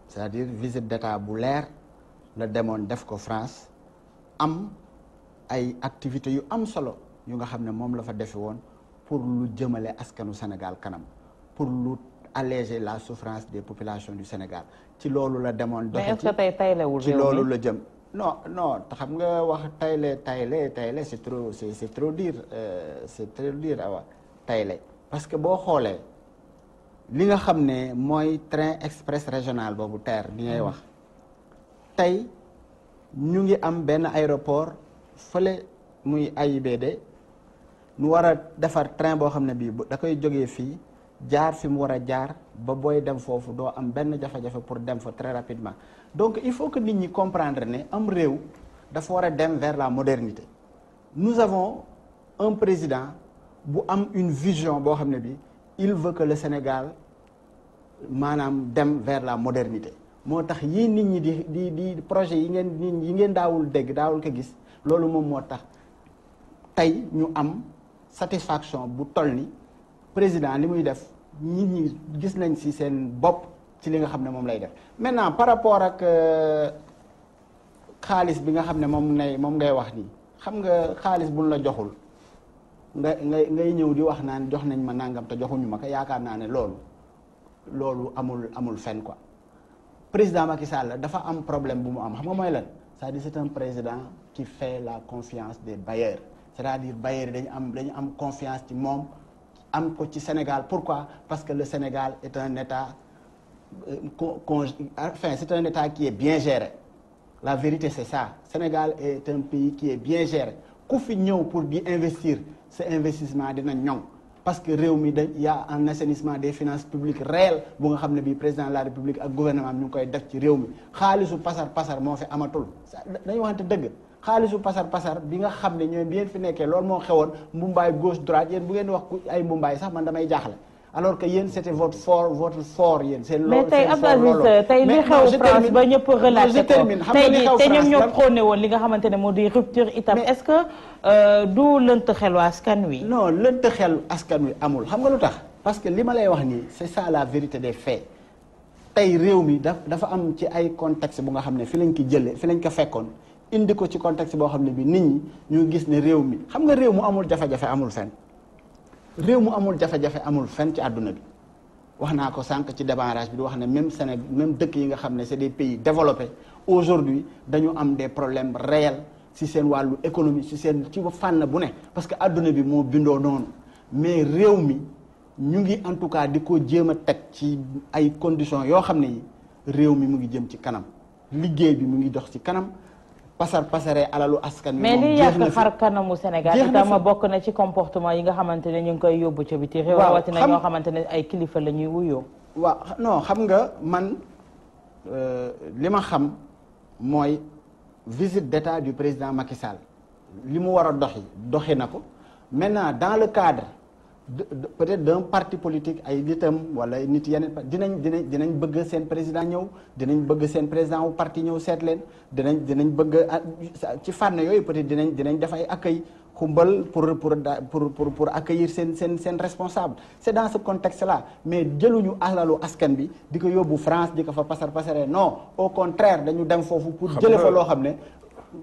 c'est-à-dire visite d'état bu leer la demoon def ko France am ay activités yu am solo yu nga xam ne moom la fa defe woon pour lu jëmale askanu Sénégal kanam pour lu alléger la souffrance des population du Sénégal ci loolu la demoon doxe ci loolu la jëm non non xam nga wax tayle tayle tayle c'est trop c'est trop dur c'est trop dur euh, awa tayle parce que boo xoolee li nga xam ne mooy train express régional boobu TER bi ngay wax tey ñu ngi am benn aéroport fële muy AIBD nu war a defar train boo xam ne bii da koy jógee fii jaar fi mu war a jaar ba booy dem foofu doo am benn jafe-jafe pour dem fa très rapidement donc il faut que nit ñi comprendre ne am réew dafa war a dem vers la modernité nous avons un président bu am une vision boo xam ne bii il veut que le Sénégal maanaam dem vers la modernité moo tax yii nit ñi di di di projet yi ngeen nit yi ngeen daawul dégg daawul ko gis loolu moom moo tax tey ñu am satisfaction bu toll ni président li muy def nit ñi gis nañ ci seen bopp ci li nga xam ne moom lay def maintenant par rapport ak euh, xaalis bi nga xam ne moom moom ngay wax nii xam nga xaalis bu buñ la joxul nga ngay ngay ñëw di wax naan jox nañ ma nangam te joxuñu ma ko yaakaar naa ne loolu loolu amul amul fen ko président Macky Sall dafa am problème bu mu am xam nga mooy lan c'est-à-dire c'est un président qui fait la confiance des bailleurs c'est-à-dire bailleurs yi dañu am dañu am confiance ci moom am ko ci Sénégal pourquoi parce que le Sénégal est un état euh, con enfin c'est un état qui bien géré la vérité c'est ça Sénégal est un pays qui bien géré ku fi ñëw pour di investir sa investissement dina ñoŋ parce que réew mi da y a un assainissement des finances publiques réel bu nga xam ne bii président la république ak gouvernement ñu ngi koy def ci réew mi xaalisu pasar pasar moo fi amatul dañu waxante dëgg xaalisu pasar pasar bi nga xam ne ñoom bi ngeen fi nekkee loolu moo xewoon mbumbaay gauche droite yéen bu ngeen wax ku ay mbumbaay sax man damay jaaxle alors que yéen c'était votre fort votre yéen seen loolu mais tey Abdoulaye ñëpp relaté ko tey ji te ñoom ñoo
prôné woon li nga xamante ne moo di rupture itam est-ce que euh, du lënt xelu askan wi non xel askan wi amul xam nga lu tax
parce que li ma lay wax nii c'est ça la vérité des faits tey réew mi dafa am ci ay contexte bu nga xam ne fi lañ ko jëlee fi lañ ko fekkoon indi ko ci contexte boo xam ne bii nit ñi ñu gis ne réew mi xam nga réew mu amul jafe-jafe amul fen réew mu amul jafe-jafe amul fen ci àdduna bi wax naa ko sànq ci démarrage bi wax ne même sene même dëkk yi nga xam ne c'est des pays développés aujourd'hui dañu am des problème réels si seen wàllu économie si seen ci fànn bu ne parce que àdduna bi moo bindoo noonu mais réew mi ñu ngi en tout cas di ko jéem a teg ci ay conditions yoo xam ne yi réew mi mu ngi jëm
ci kanam liggéey bi mu ngi dox ci kanam pasar pasare alalu askan wi. mais liy yàq kanamu Sénégal itam bokk na ci comportement yi nga xamante ne ñu ngi koy yóbbu ca biti réew. waaw rawatina ñoo xamante ne ay kilifa la ñuy wuyoo. waaw non xam nga man euh,
li xam mooy visite d'état du président Macky Sall li mu war a doxi doxi na ko maintenant dans le cadre. peut-être d'un parti politique ay nitam wala nit yeneen dinañ dinañ dinañ bëgg seen président ñëw dinañ bëgg seen président wu parti ñëw seet leen dinañ dinañ bëgg ci fànn yooyu peut-être dinañ dinañ def ay accueil xumbal pour pour pour pour pour accueillir seen seen responsable c'est dans ce contexte là mais jëluñu alalu askan bi di ko yóbbu France di ko fa pasar pasare non au contraire dañu dem foofu pour jële fa loo xam ne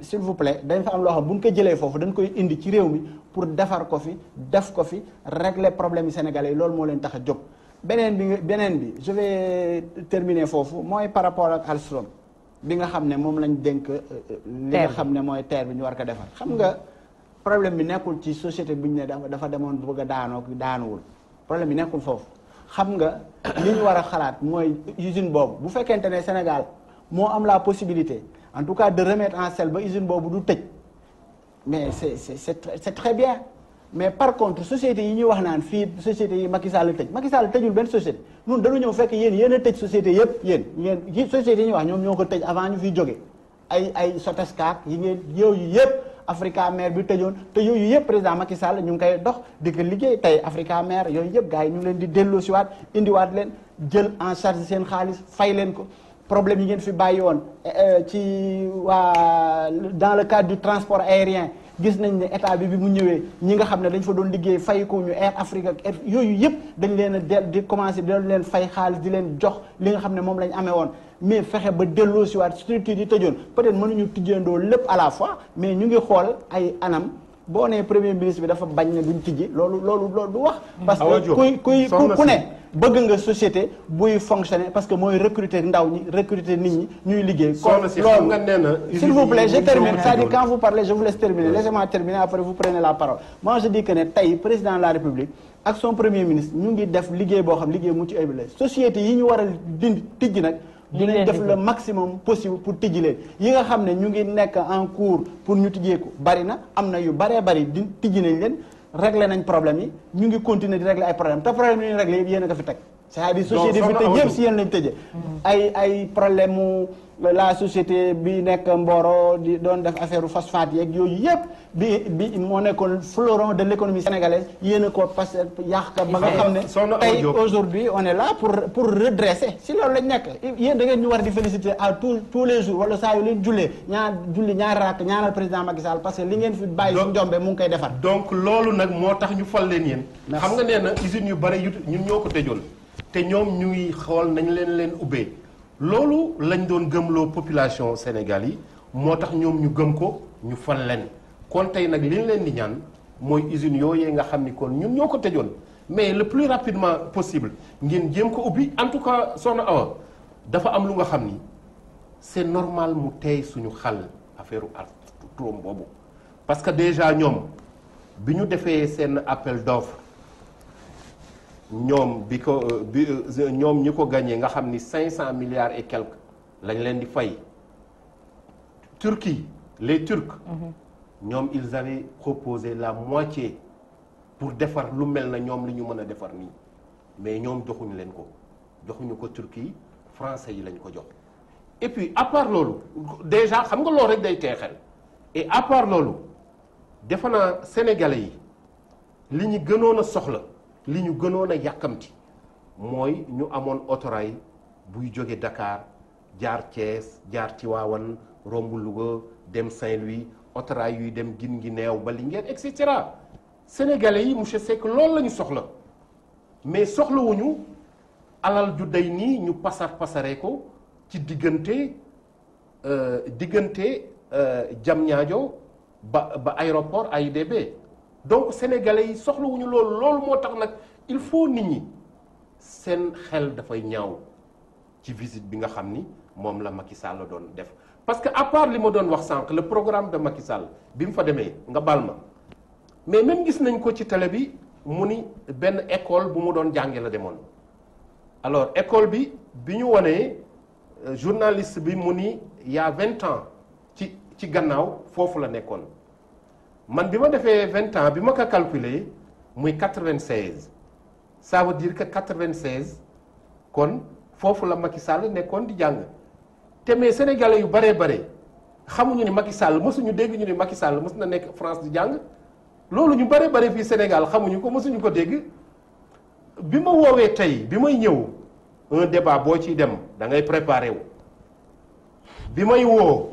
s'il vous dañ fa am loo xam bu ñu ko jëlee foofu dañ koy indi ci réew mi pour defar ko fi def ko fi régler problème yi sénégalais loolu moo leen tax a jóg. beneen bi beneen bi je vais terminer foofu mooy par rapport ak Alstom bi nga xam ne moom lañ dénk. Euh, euh, li nga xam ne mooy terre bi ñu war ko defar. xam nga problème bi nekkul ci société bi ñu ne dafa dafa demoon bëgg a daanoo daanuwul problème bi nekkul foofu. xam nga li ñu war a xalaat mooy usine boobu bu fekkente ne Sénégal moo am la possibilité. en tout cas de remettre en selle ba usine boobu du tëj mais c'est c'est c'est très bien mais par contre société yi ñuy wax naan fii société yi Macky Sall tëj Macky Sall tëjul benn société ñun dañu ñëw fekk yéen yéen a tëj société yëpp yéen yéen société yi ñuy wax ñoom ñoo ko tëj avant ñu fiy jóge ay ay Sotescak yi ngeen yooyu yëpp Africa Mer bi tëjoon te yooyu yëpp président Macky Sall ñu ngi koy dox di ko liggéey tey Africa Mer yooyu yëpp gars yi ñu ngi leen di delloosiwaat indiwaat leen jël en charge seen xaalis fay leen ko problème yi ngeen fi bàyyi woon eh, eh, ci waa dans le cadre du transport aérien gis nañ ne état bi bi mu ñëwee ñi nga xam ne dañu fa doon liggéey fay ko ñu Air Afrique ak yooyu yëpp dañ leen a di commencé di leen fay xaalis di leen jox li nga xam ne moom lañ amee woon mais fexe ba delloo si waat structure yi tëjoon peut-être mënuñu tijjandoo lépp à la fois mais ñu ngi xool ay anam boo nee premier ministre bi dafa bañ ne duñ tijji loolu loolu loolu lu wax parce que kuy kuy ku bëgg nga société buy fonctionner parce que mooy recruter ndaw ñi recruter nit ñi ñuy liggéey. soxna si xam nga nee na s'il vous plaît je termine c'est-à-dire quand vous parlez je vous laisse terminer laissez-moi terminer après vous prenez la parole moi je dis ne tey président la république ak premier ministre ñu ngi def liggéey boo xam liggéey mucc ayib la société yi ñu war a dindi tijji nag. dinañ def le maximum possible pour tijji leen yi nga xam ne ñu ngi nekk en cours pour ñu tijjee ko bari na am na yu baree bari di tijji nañ leen. réglé nañ problème yi ñu ngi continuer di réglé ay problème te problème yi ñu réglé yëpp yéen a ko fi teg c'est-à-dire société bi tëj si yéen lañ tëjee mm-hmm. ay problème la société bi nekk mbooroo di doon def affaire phosphate yeeg yooyu yëpp bi bi moo nekkoon fleuron de l' économie sénégalaise yéen a ko parce que yàq ba nga xam ne tey aujourd'hui one la là pour pour redresser si loolu lañ nekk yéen da ngeen ñu war di féliciter à tous tous les jours wala saa yu leen jullee ñaar julli ñaar raak ñaanal président Macky Sall que li ngeen fi bàyyi si njombe mu ngi koy defar donc loolu nag moo tax ñu fal leen yéen
xam nga nee na usines yu bari ñun ñoo ko tëjoon te ñoom ñu ngi xool nañ leen leen ubbee loolu lañ doon gëmloo population Sénégal yi moo tax ñoom ñu gëm ko ñu fan leen kon tey nag li leen di ñaan mooy usines yooyee nga xam ni kon ñun ñoo ko tëjoon mais le plus rapidement possible ngeen jéem ko ubbi en tout cas soxna Awa dafa am lu nga xam ni c'est normal mu teey suñu xal affaire art turam boobu parce que déjà ñoom bi ñu defee seen appel d'offre ñoom bi ko bi ñoom ñi ko gagné nga xam ni cinq cent milliards et quelque lañ leen di fay Turquie les Turcs mhm. ñoom ils avaient proposé la moitié pour defar lu mel na ñoom li ñu mën a defar nii mais ñoom joxuñu leen ko joxuñu ko Turquie français yi lañ ko jox et puis à part loolu déjà xam nga loolu rek day teexel et à part loolu defe naa sénégalais yi li ñu gënoon a soxla li ñu gënoon a yàkkamti mooy ñu amoon autorail buy jóge dakaar jaar Thiès jaar Tivaouane romb Louga dem Saint-Louis autorail yuy dem gin ngi neew ba Linguère et cetera sénégalais yi monsieur Seck loolu la ñu soxla mais soxlawuñu alal ju day nii ñu pasar pasare ko ci diggante euh, diggante jam euh, ñaajo ba ba aéroport AIBD donc sénégalais yi soxlawuñu loolu loolu moo tax nag il faut nit ñi seen xel dafay ñaaw ci visite bi nga xam ni moom la Macky la doon def parce que à li ma doon wax sànq la programme de Macky Sall bi mu fa demee nga bal ma mais même gis nañ ko ci tale bi mu ni benn école bu ma doon jàngee la demoon alors école bi bi ñu wonee euh, journaliste bi mu ni y vingt ans ci ci gannaaw foofu la nekkoon man bi ma defee vingt ans bi ma ko calculer muy quatre-vingt-seize ça veut dire que quatre-vingt-seize kon foofu la Macky Sall nekkoon di jàng te mais sénégalais yu baree bare xamuñu ni Macky Sall mësuñu dégg ñu ni Macky Sall mës na nekk France di jàng loolu ñu bare bare fii Sénégal xamuñu ko mësuñu ko dégg bi ma woowee tey bi may ñëw un débat boo ciy dem da ngay préparé wu bi may woo.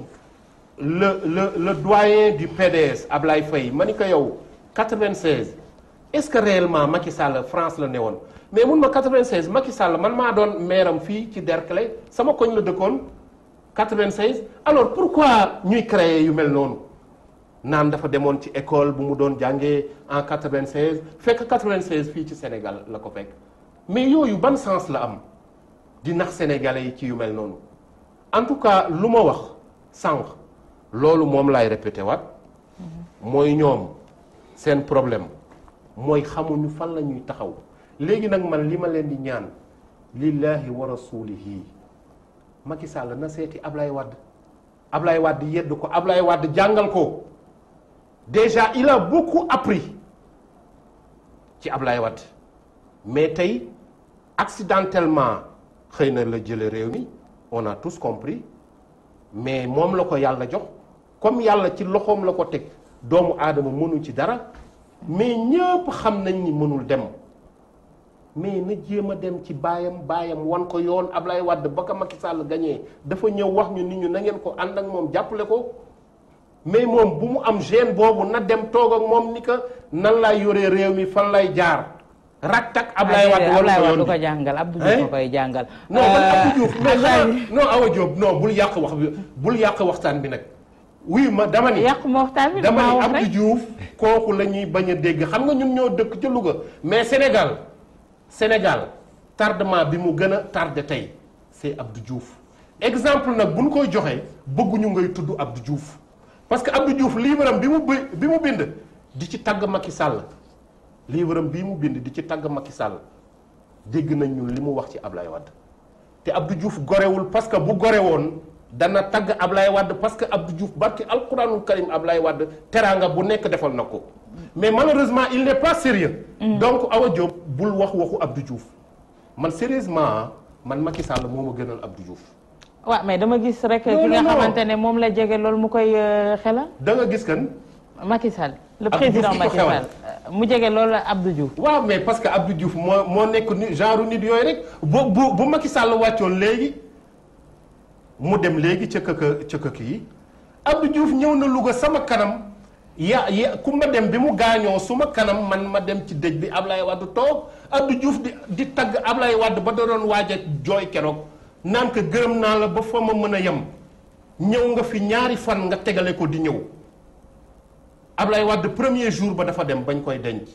le le le doyen du PDS Ablaye fay ma ni ko yow 96 est-ce que réellement Macky Sall France la ne woon mais mun ma 96 Macky Sall man maa doon meeram fii ci Derklé sama koñ la dëkkoon 96 alors pourquoi ñuy créer yu mel noonu naan dafa demoon ci école bu mu doon jàngee en 96 fekk 96 fii ci Sénégal la ko fekk mais yooyu ban sens la am di nax sénégalais yi ci yu mel noonu en tout cas lu ma wax sànq. loolu moom laay répété waat mooy ñoom seen problème mooy xamuñu fan la ñuy taxaw léegi nag man li ma leen di ñaan lillahi wa rasulihi Macky Sall na seeti Ablaye Wade Ablaye Wade yedd ko Ablaye Wade jàngal ko déjà il a beaucoup appris ci Ablaye Wade mais tey accidentellement xëy na la jële réew mi on a tous compris mais moom la ko yàlla jox comme yàlla ci loxoom la ko teg doomu aadama mënu ci dara mais ñëpp xam nañ ni mënul dem mais na jéem a dem ci baayam baayam wan ko yoon Ablaye wadd ba ko Macky Sall gañee dafa ñëw wax ñu nit ñu nangeen ko ànd ak moom jàppale ko mais moom bu mu am gêne boobu na dem toog ak moom ni que nan laay yore réew mi fan lay jaar raktak Ablaye Wade wala yoon du ko
jàngal Abdou Diouf ko koy jàngal non man euh, Awa Diop non
bul yàq wax bi bul yàq waxtaan bi nag oui ma dama ni
yàquma waxtaan bi dama ni Abdou
Diouf kooku la ñuy bañ a dégg xam nga ñun ñoo dëkk ca Louga mais Sénégal Sénégal tardement bi mu gën a tardé tey c'est Abdou juuf exemple nag bu ñu koy joxee bëgguñu ngay tudd Abdou juuf parce que Abdou juuf livre-am bi mu bi mu bind di ci tagg Macky Sall livre-am bii mu bind di ci tagg Macky sàll dégg nañ ñun li mu wax ci Ablaye Wade te Abdou juuf gorewul parce que bu gore woon dana tagg Ablaye Wade parce que Abdou Diouf barki alquranul karim Ablaye Wade teraanga bu nekk defal na ko mais malheureusement il n'est pas sérieux mm. donc a Diop bul wax waxu Abdou juuf man sérieusement man Macky Sall moo ma gënal Abdou Diouf
waaw mais dama gis rek ki nga xamante ne moom la jege loolu mu koy euh, xela
da nga gis kan
Macky Sall le président Macky Sall
mu jege loolu Abdou Diouf waaw mais parce que Abdou Diouf moo moo nekk ni genre nit yooyu rek bu bu bu Macky Sall wàccoon léegi mu dem léegi ca këkë yi Abdou juuf ñëw na Louga sama kanam ya ya Kumba Dem bi mu gaañoo suma kanam man ma dem ci dëj bi Ablaye Wade toog Abdou Diouf di tagg ablay Wade ba da doon waaj jooy keroog naan ko gërëm naa la ba fa ma mën a yem ñëw nga fi ñaari fan nga tegale ko di ñëw Ablaye Wade premier jour ba dafa dem bañ koy denc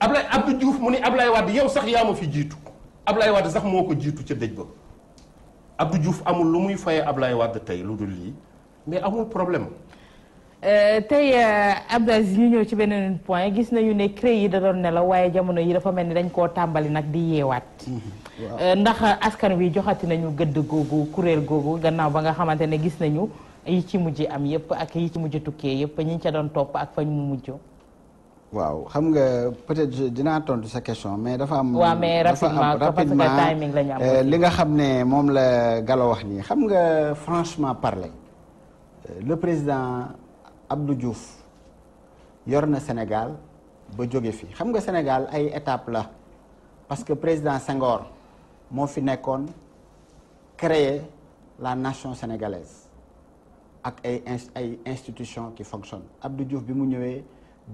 Ablaye abdu Diouf mu ni Ablaye Wade yow sax yaa ma fi jiitu Ablaye Wade sax moo ko jiitu ca dëj ba. ak Abdou juuf amul lu muy fayee Ablaye wàdd tey lu dul lii mais amul problème.
Euh, tey euh, Abdou Aziz ñu ñëw ci beneen point gis nañu ne CREI yi da doon ne la waaye jamono yi dafa mel ni dañ koo tàmbali nag di yeewaat. Mhm. Euh, ndax askan wi joxati nañu gëdd googu kuréel googu gannaaw ba nga xamante ne gis nañu yi ci mujj am yépp ak yi ci mujj tukkee yépp ñi ñu ca doon topp ak fa ñu mujjoo.
waaw xam nga peut-être dinaa tontu sa question mais dafa am. waaw mais euh, li nga xam ne moom la Gallo wax nii xam nga franchement parler euh, le président Abdou Diouf yor na Sénégal ba jóge fi xam nga Sénégal ay étape la parce que président Senghor moo fi nekkoon créer la nation sénégalaise ak ay ay institutions qui fonctionnent Abdou Diouf bi mu ñëwee.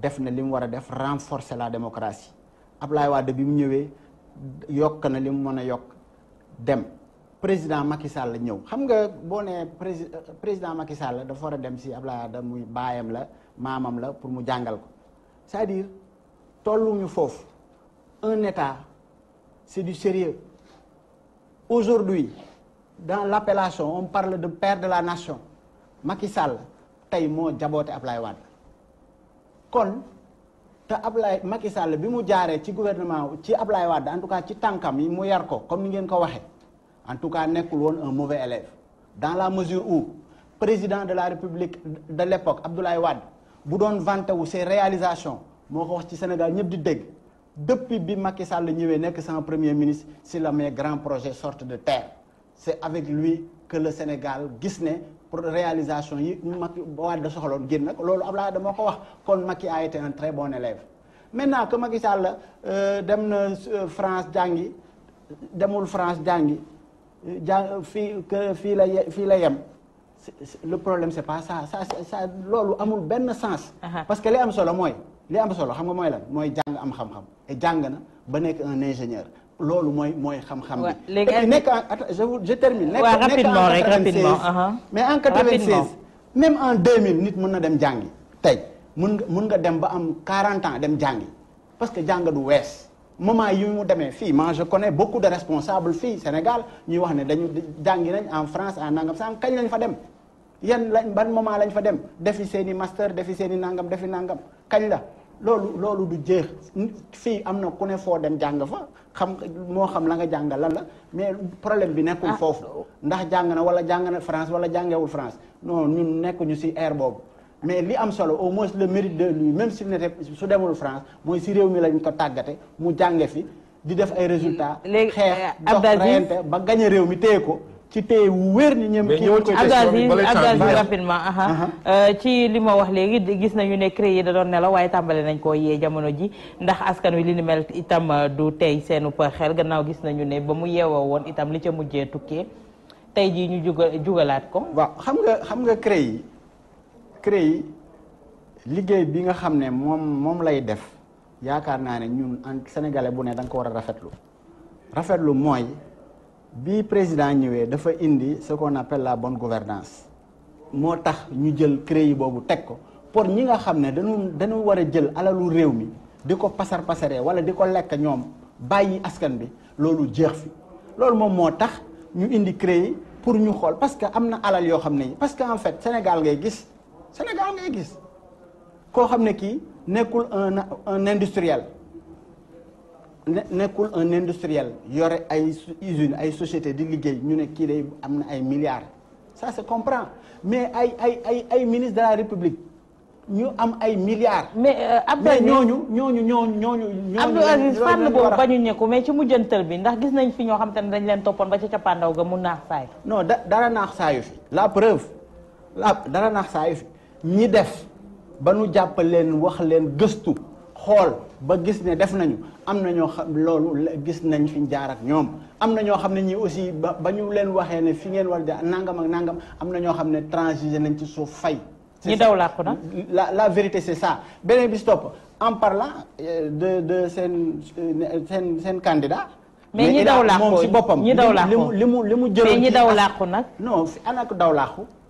def na li mu war a def renforcer la démocratie Ablaye Wade bi mu ñëwee yokk na li mu mën a yokk dem président Macky Sall ñëw xam nga boo nee euh, président Macky Sall dafa war a dem si Ablaye Wade muy baayam la maamam la pour mu jàngal ko c'est-à-dire tolluñu foofu un état c'est du sérieux aujourd'hui dans l'appellation on parle de père de la nation Macky Sall tey moo jaboote Ablaye Wade kon te Ablaye Macky Sall bi mu jaaree ci gouvernement ci Ablaye Wade en tout cas ci tànkam yi mu yar ko comme ni ngeen ko waxee en tout cas nekkul woon un mauvais élève dans la mesure où président de la république de l'époque Abdoulaye Wade bu doon vanté wu réalisation moo ko wax ci Sénégal ñëpp di dégg depuis bi Macky Sall ñëwee nekk sans premier ministre si la mes grands projet sorte de terre c'est avec lui que le Sénégal gis ne pour réalisation yi Macky Wade soxloon génn ko loolu Abdoulaye Wade moo ko wax kon Macky a été un très bon élève maintenant que Macky Sall euh, dem na euh, France jàngi demul France jàngi euh, jàng fii fii la fii la yem le problème c'est pas ça ça ça loolu amul benn sens parce que li am solo mooy li am solo xam nga mooy lan mooy jàng am xam-xam et jàng na ba nekk un ingénieur loolu mooy mooy xam-xam bi. léegi nekk je termine. nekk en 96 uh-huh. mais en 96 même en 2000 nit mën na dem jàngi tey mën nga dem ba am 40 ans dem jàngi parce que jàng du wees moment yi mu demee fii man je connais beaucoup de responsables fii Sénégal ñuy wax ne dañu jàngi nañ en France en nangam sànq kañ lañ fa dem. yan lañ ban moment lañ fa dem defi seen i master defi seen i nangam defi nangam kañ la. loolu loolu du jeex fii am na ku ne foo dem jàng fa xam moo xam la nga jàng lan la mais problème bi nekkul ah. foofu ndax jàng na wala jàng na France wala jàngewul France non ñun nekkuñu ci air boobu mais li am solo au moins le mérite de lui même si su demul France mooy ci réew mi lañu ko tàggate mu jànge fi di def ay résultats
xeex dox rayante
ba gañe réew mi téye ko ci tey wér ñu ñem. mais ñëwal ci question rapidement
euh, ci li ma wax léegi gis nañu ne créé da doon nelaw waaye tàmbale nañ koo yee jamono ji ndax askan wi li ni mel itam euh, du tey seenu xel gannaaw gis nañu ne ba mu yeewoo woon itam li ca mujjee tukkee tey jii ñu juga jugalaat ko. waaw xam nga
xam nga CREI yi liggéey bi nga xam ne moom moom lay def yaakaar naa ne ñun en sénégalais bu ne da ko war a rafetlu rafetlu mooy. bi président ñëwee dafa indi ce qu'on appelle la bonne gouvernance moo tax ñu jël créé boobu teg ko pour ñi nga xam ne dañu dañu war a jël alalu réew mi di ko pasar pasaree wala di ko lekk ñoom bàyyi askan bi loolu jeex fi loolu moom moo tax ñu indi créé pour ñu xool parce que am na alal yoo xam ne parce que en fait Sénégal ngay gis Sénégal ngay gis koo xam ne kii nekkul un un industriel nekkul un industriel yore ay usine ay société di liggéey ñu ne kii day am na ay milliards ça se comprend mais ay ay ay ay ministre de la république ñu am
ay milliards. mais euh, Abdoulaye ñooñu
ñooñu ñooñu ñooñu. ñooñu Abdoul Aziz fànn boobu
ñu ñekku mais ci mujjantal bi ndax gis nañ fi ñoo xam te ne dañ leen toppoon ba ca cappaandaw ga mu naax saay. non da dara naax
saayu fi. la preuve la dara naax saayu fi ñi def ba nu jàpp leen wax leen gëstu xool. ba gis ne def nañu am na ñoo xam loolu gis nañ fi ñu jaar ak ñoom am na ñoo xam ne ñi aussi ba ba ñu leen waxee ne fi ngeen war a nangam ak nangam am na ñoo xam ne transigé nañ ci suuf fay. ñi daw làqu nag la la vérité c'est ça beneen bi stop en parlant euh, de de seen euh, seen seen candidat.
mais ñi daw làqu moom si boppam. ñi daw làqu
li mu li mu mu jëloon ñi daw làqu nag. non fi anak daw làqu.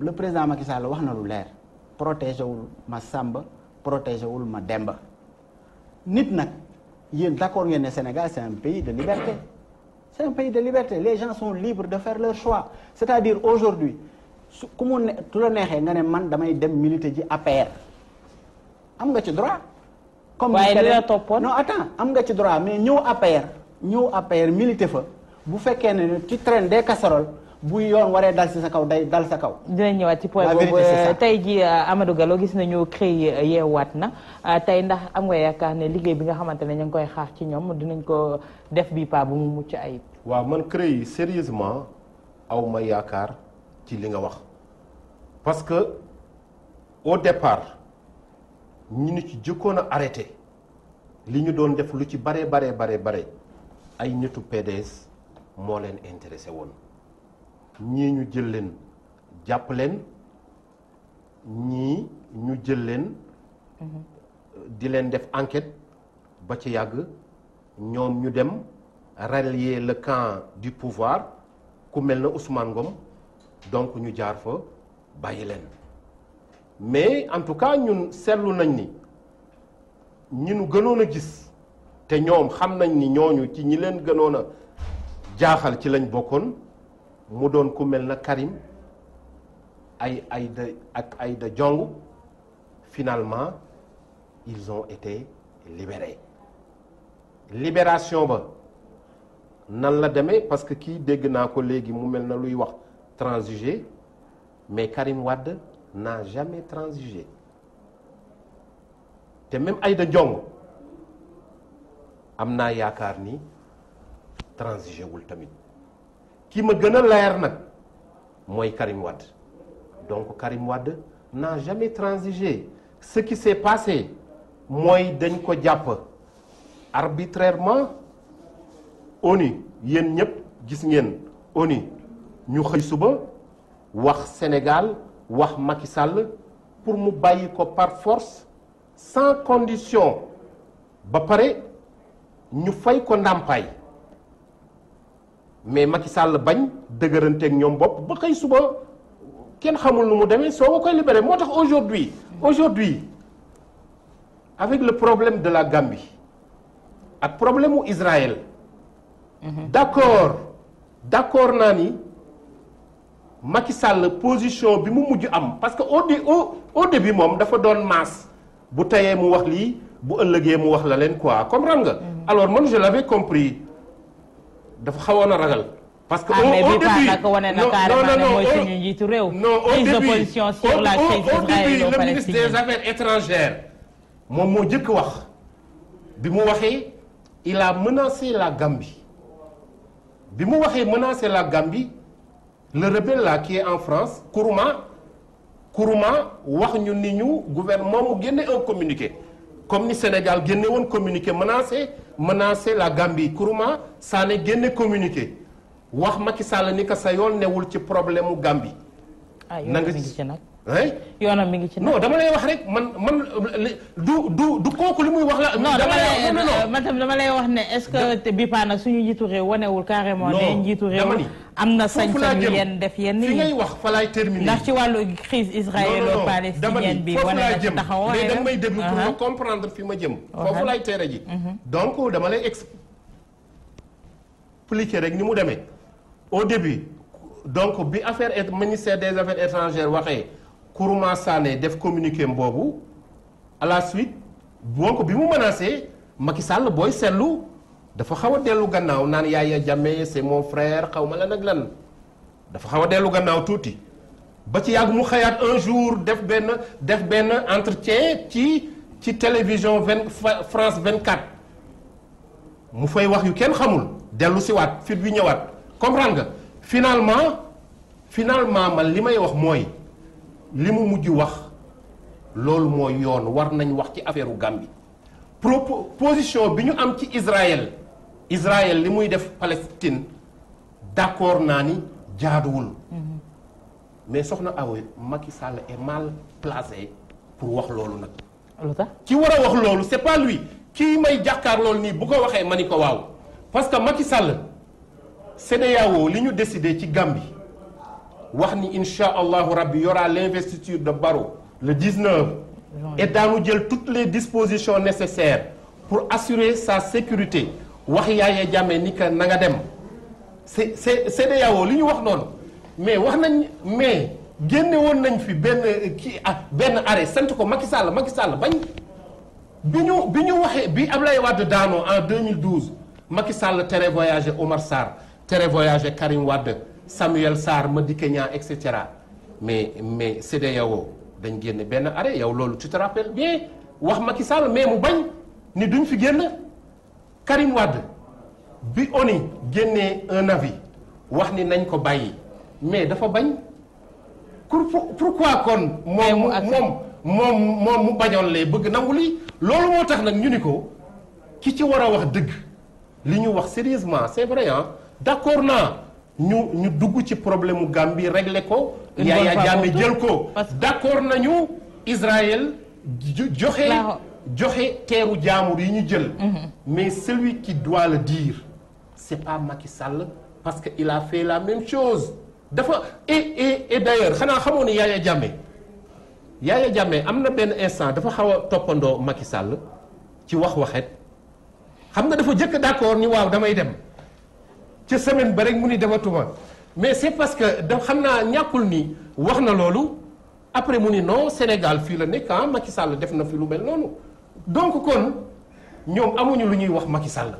le président Macky Sall wax na lu leer protégé wul ma Samba protégé wul ma Demba nit nag yéen d'accord ngeen ne Sénégal c'est un pays de liberté c'est un pays de liberté les gens sont libre de faire leur choix c'est-à-dire aujourd'hui su ku mu ne tu la neexee nga ne man damay dem militer ji APR am nga ci droit. comme waaye li la toppoon non attends am nga ci droit mais ñëw APR ñëw APR militer fa bu fekkee ne ci traînes des casseroles. buy yoon waree dal si sa kaw day dal sa kaw. dinañ
ñëwaat ci point boobu euh, tey ji euh, Amadou Gallo gis nañu CREI euh, yeewaat na tey ndax am nga yaakaar ne liggéey bi nga xamante ne ñu ngi koy xaar ci ñoom dinañ ko def bii pa bu mu mucc ayib.
waaw man CREI sérieusement aw ma yaakaar ci li nga wax parce que au départ ñu ni ci jëkkoon a arrêté li ñu doon def lu ci bare bare bare bare ay nitu PDS moo leen intéressé woon. ñii ñu jël leen jàpp leen ñii ñu jël leen. Mhm. di leen def enquête ba ci yàgg ñoom ñu dem rallier le camp du pouvoir ku mel na Ousmane Ngom donc ñu jaar fa bàyyi leen mais en tout cas ñun seetlu nañ ni ñi nu gënoon a gis te ñoom xam nañ ni ñooñu ci ñi leen gënoon a jaaxal ci lañ bokkoon. mu doon ku mel na Karim ay Aïda ak Aïda jong finalement ils ont été libérés libération ba nan la demee parce que kii dégg naa ko léegi mu mel na luy wax transiger mais Karim Wade n'a jamais transigé te même ayda jong am naa yaakaar ni transigé wul tamit ki ma gën a leer nag mooy Karim Wade donc Karim Wade n'a jamais transigé ce qui s'est passé mooy dañ ko jàpp arbitrairement ONU yéen ñëpp gis ngeen ONU ñu xëy suba wax Sénégal wax Macky Sall pour mu bàyyi ko par force sans condition ba pare ñu fay ko ndàmpaay mais Macky Sall bañ dëgëranteeg ñoom bopp ba xëy suba kenn xamul nu mu demee soo ko koy libéré moo tax aujourd'hui aujourd'hui avec le problème de la Gambie ak problème mu Israël mhm. d'accord d'accord naa ni Macky Sall position bi mu mujj am parce que au dé au au début moom dafa doon masse bu tayee mu wax lii bu ëllëgee mu wax la leen quoi comprendre nga mhm. alors man je l'avais compris dafa xawoon a ragal. parce que au début ah mais bi Paa naka wane na carrément ne mooy suñu njiitu réew. non au début prise de position sur la crise israélo-palestinienne le ministre des affaires étrangères moom moo jëkk wax bi mu waxee il a menacé la Gambie bi mu waxee menacé la Gambie le rebelle là qui est en France Kourouma Kourouma wax ñu ni ñu gouvernement mu génne un communiqué comme ni Sénégal génne woon communiqué menacé. menacé la Gambie Kourouma Sané génne communiqué wax Macky Sall ni ka sa yoon newul ci problème mu Gambie.
Ah, na nga ci nag. yoonam mi ngi ci non dama lay wax rek man man du du du kooku li muy wax la. non dama lay man tam dama lay wax ne est-ce que bi paa nag suñu njiitu réew wanewul carrément. ne njiitu réew am na sañ-sañu yenn def yenn yi. fi ngay wax fa laay terminer ndax ci wàllu crise israélo-palestinienne bi wane na ci lay déglu pour nga uh-huh.
comprendre fi ma jëm. foofu laay teere ji. Mm-hmm. donc dama lay expliquer rek ni mu demee au début donc bi affaire ministère des affaires étrangères waxee. Kourouma Sané def communiqué boobu à la suite donc bi mu menacé Macky Sall booy seetlu dafa xaw a dellu gannaaw naan Yaya Jammeh c'est mon frère xaw ma lan ak lan dafa xaw a dellu gannaaw tuuti ba ci yàgg mu xëyaat un jour def benn def benn entretien ci ci télévision vingt France 24 mu fay wax yu kenn xamul dellu si waat fit bi ñëwaat comprendre nga finalement finalement man li may wax mooy. li mu mujj wax loolu mooy yoon war nañ wax ci affaire u Gambie proposition bi ñu am ci Israël Israël li muy def Palestine d'accord naa ni jaaduwul mm-hmm. mais soxna Awa Macky Sall est mal placé pour wax loolu nag lu tax war a wax loolu c'est pas lui kii may jàkkaar loolu nii bu ko waxee ma ni ko waaw parce que Macky Sall CEDEAO li ñu décidé ci Gambie wax ni incha allahu rabbi y'aura l'investiture de Barrot le 19 et daanu jël toutes les dispositions nécessaires pour assurer sa sécurité wax Yaya Jammeh ni que na nga dem c'est c'est CEDEAO li ñu wax noonu mais wax nañ mais génne woon nañ fi benn kii ah benn arrêt sant ko Macky Sall Macky Sall bañ bi ñu bi ñu waxee bi Ablaye Wade daanoo en 2012 Macky Sall tere voyager Omar Sarr tere voyager Karim Wade Samuel Sarr Madické Niang et cetera mais mais CEDEAO dañ génn benn arrêt yow loolu tu te rappelles bien wax Macky Sall mais mu bañ ni duñ fi génn Karim Wade bi ONU génnee un avis wax ni nañ ko bàyyi mais dafa bañ pour pourquoi kon moom moom moom moom mu bañoon lay bëgg nangu lii loolu moo tax nag ñu ni ko ki ci war a wax dëgg li ñu wax sérieusement c'est vrai ah d'accord naa ñu ñu dugg ci problème mu Gambie régler ko. Yaya Jammeh jël ko. d'accord nañu Israël joxe joxe teeru jaamur yi ñu jël. Mhm. mais celui qui doit le dire c'est pas Macky Sall parce que il a fait la même chose dafa et et et d'ailleurs xanaa xamoon ne Yaya Jammeh Yaya am na benn instant dafa xaw a toppandoo Macky Sall ci wax waxet xam nga dafa jëkk d'accord ni waaw damay dem. ca semaine ba rek mu ni dematuma mais c'est parce que da xam naa ñàkkul ni wax na loolu après mu ni non Sénégal fii la nekk ah Macky def na fi lu mel noonu donc kon
ñoom amuñu lu ñuy wax Macky Sall.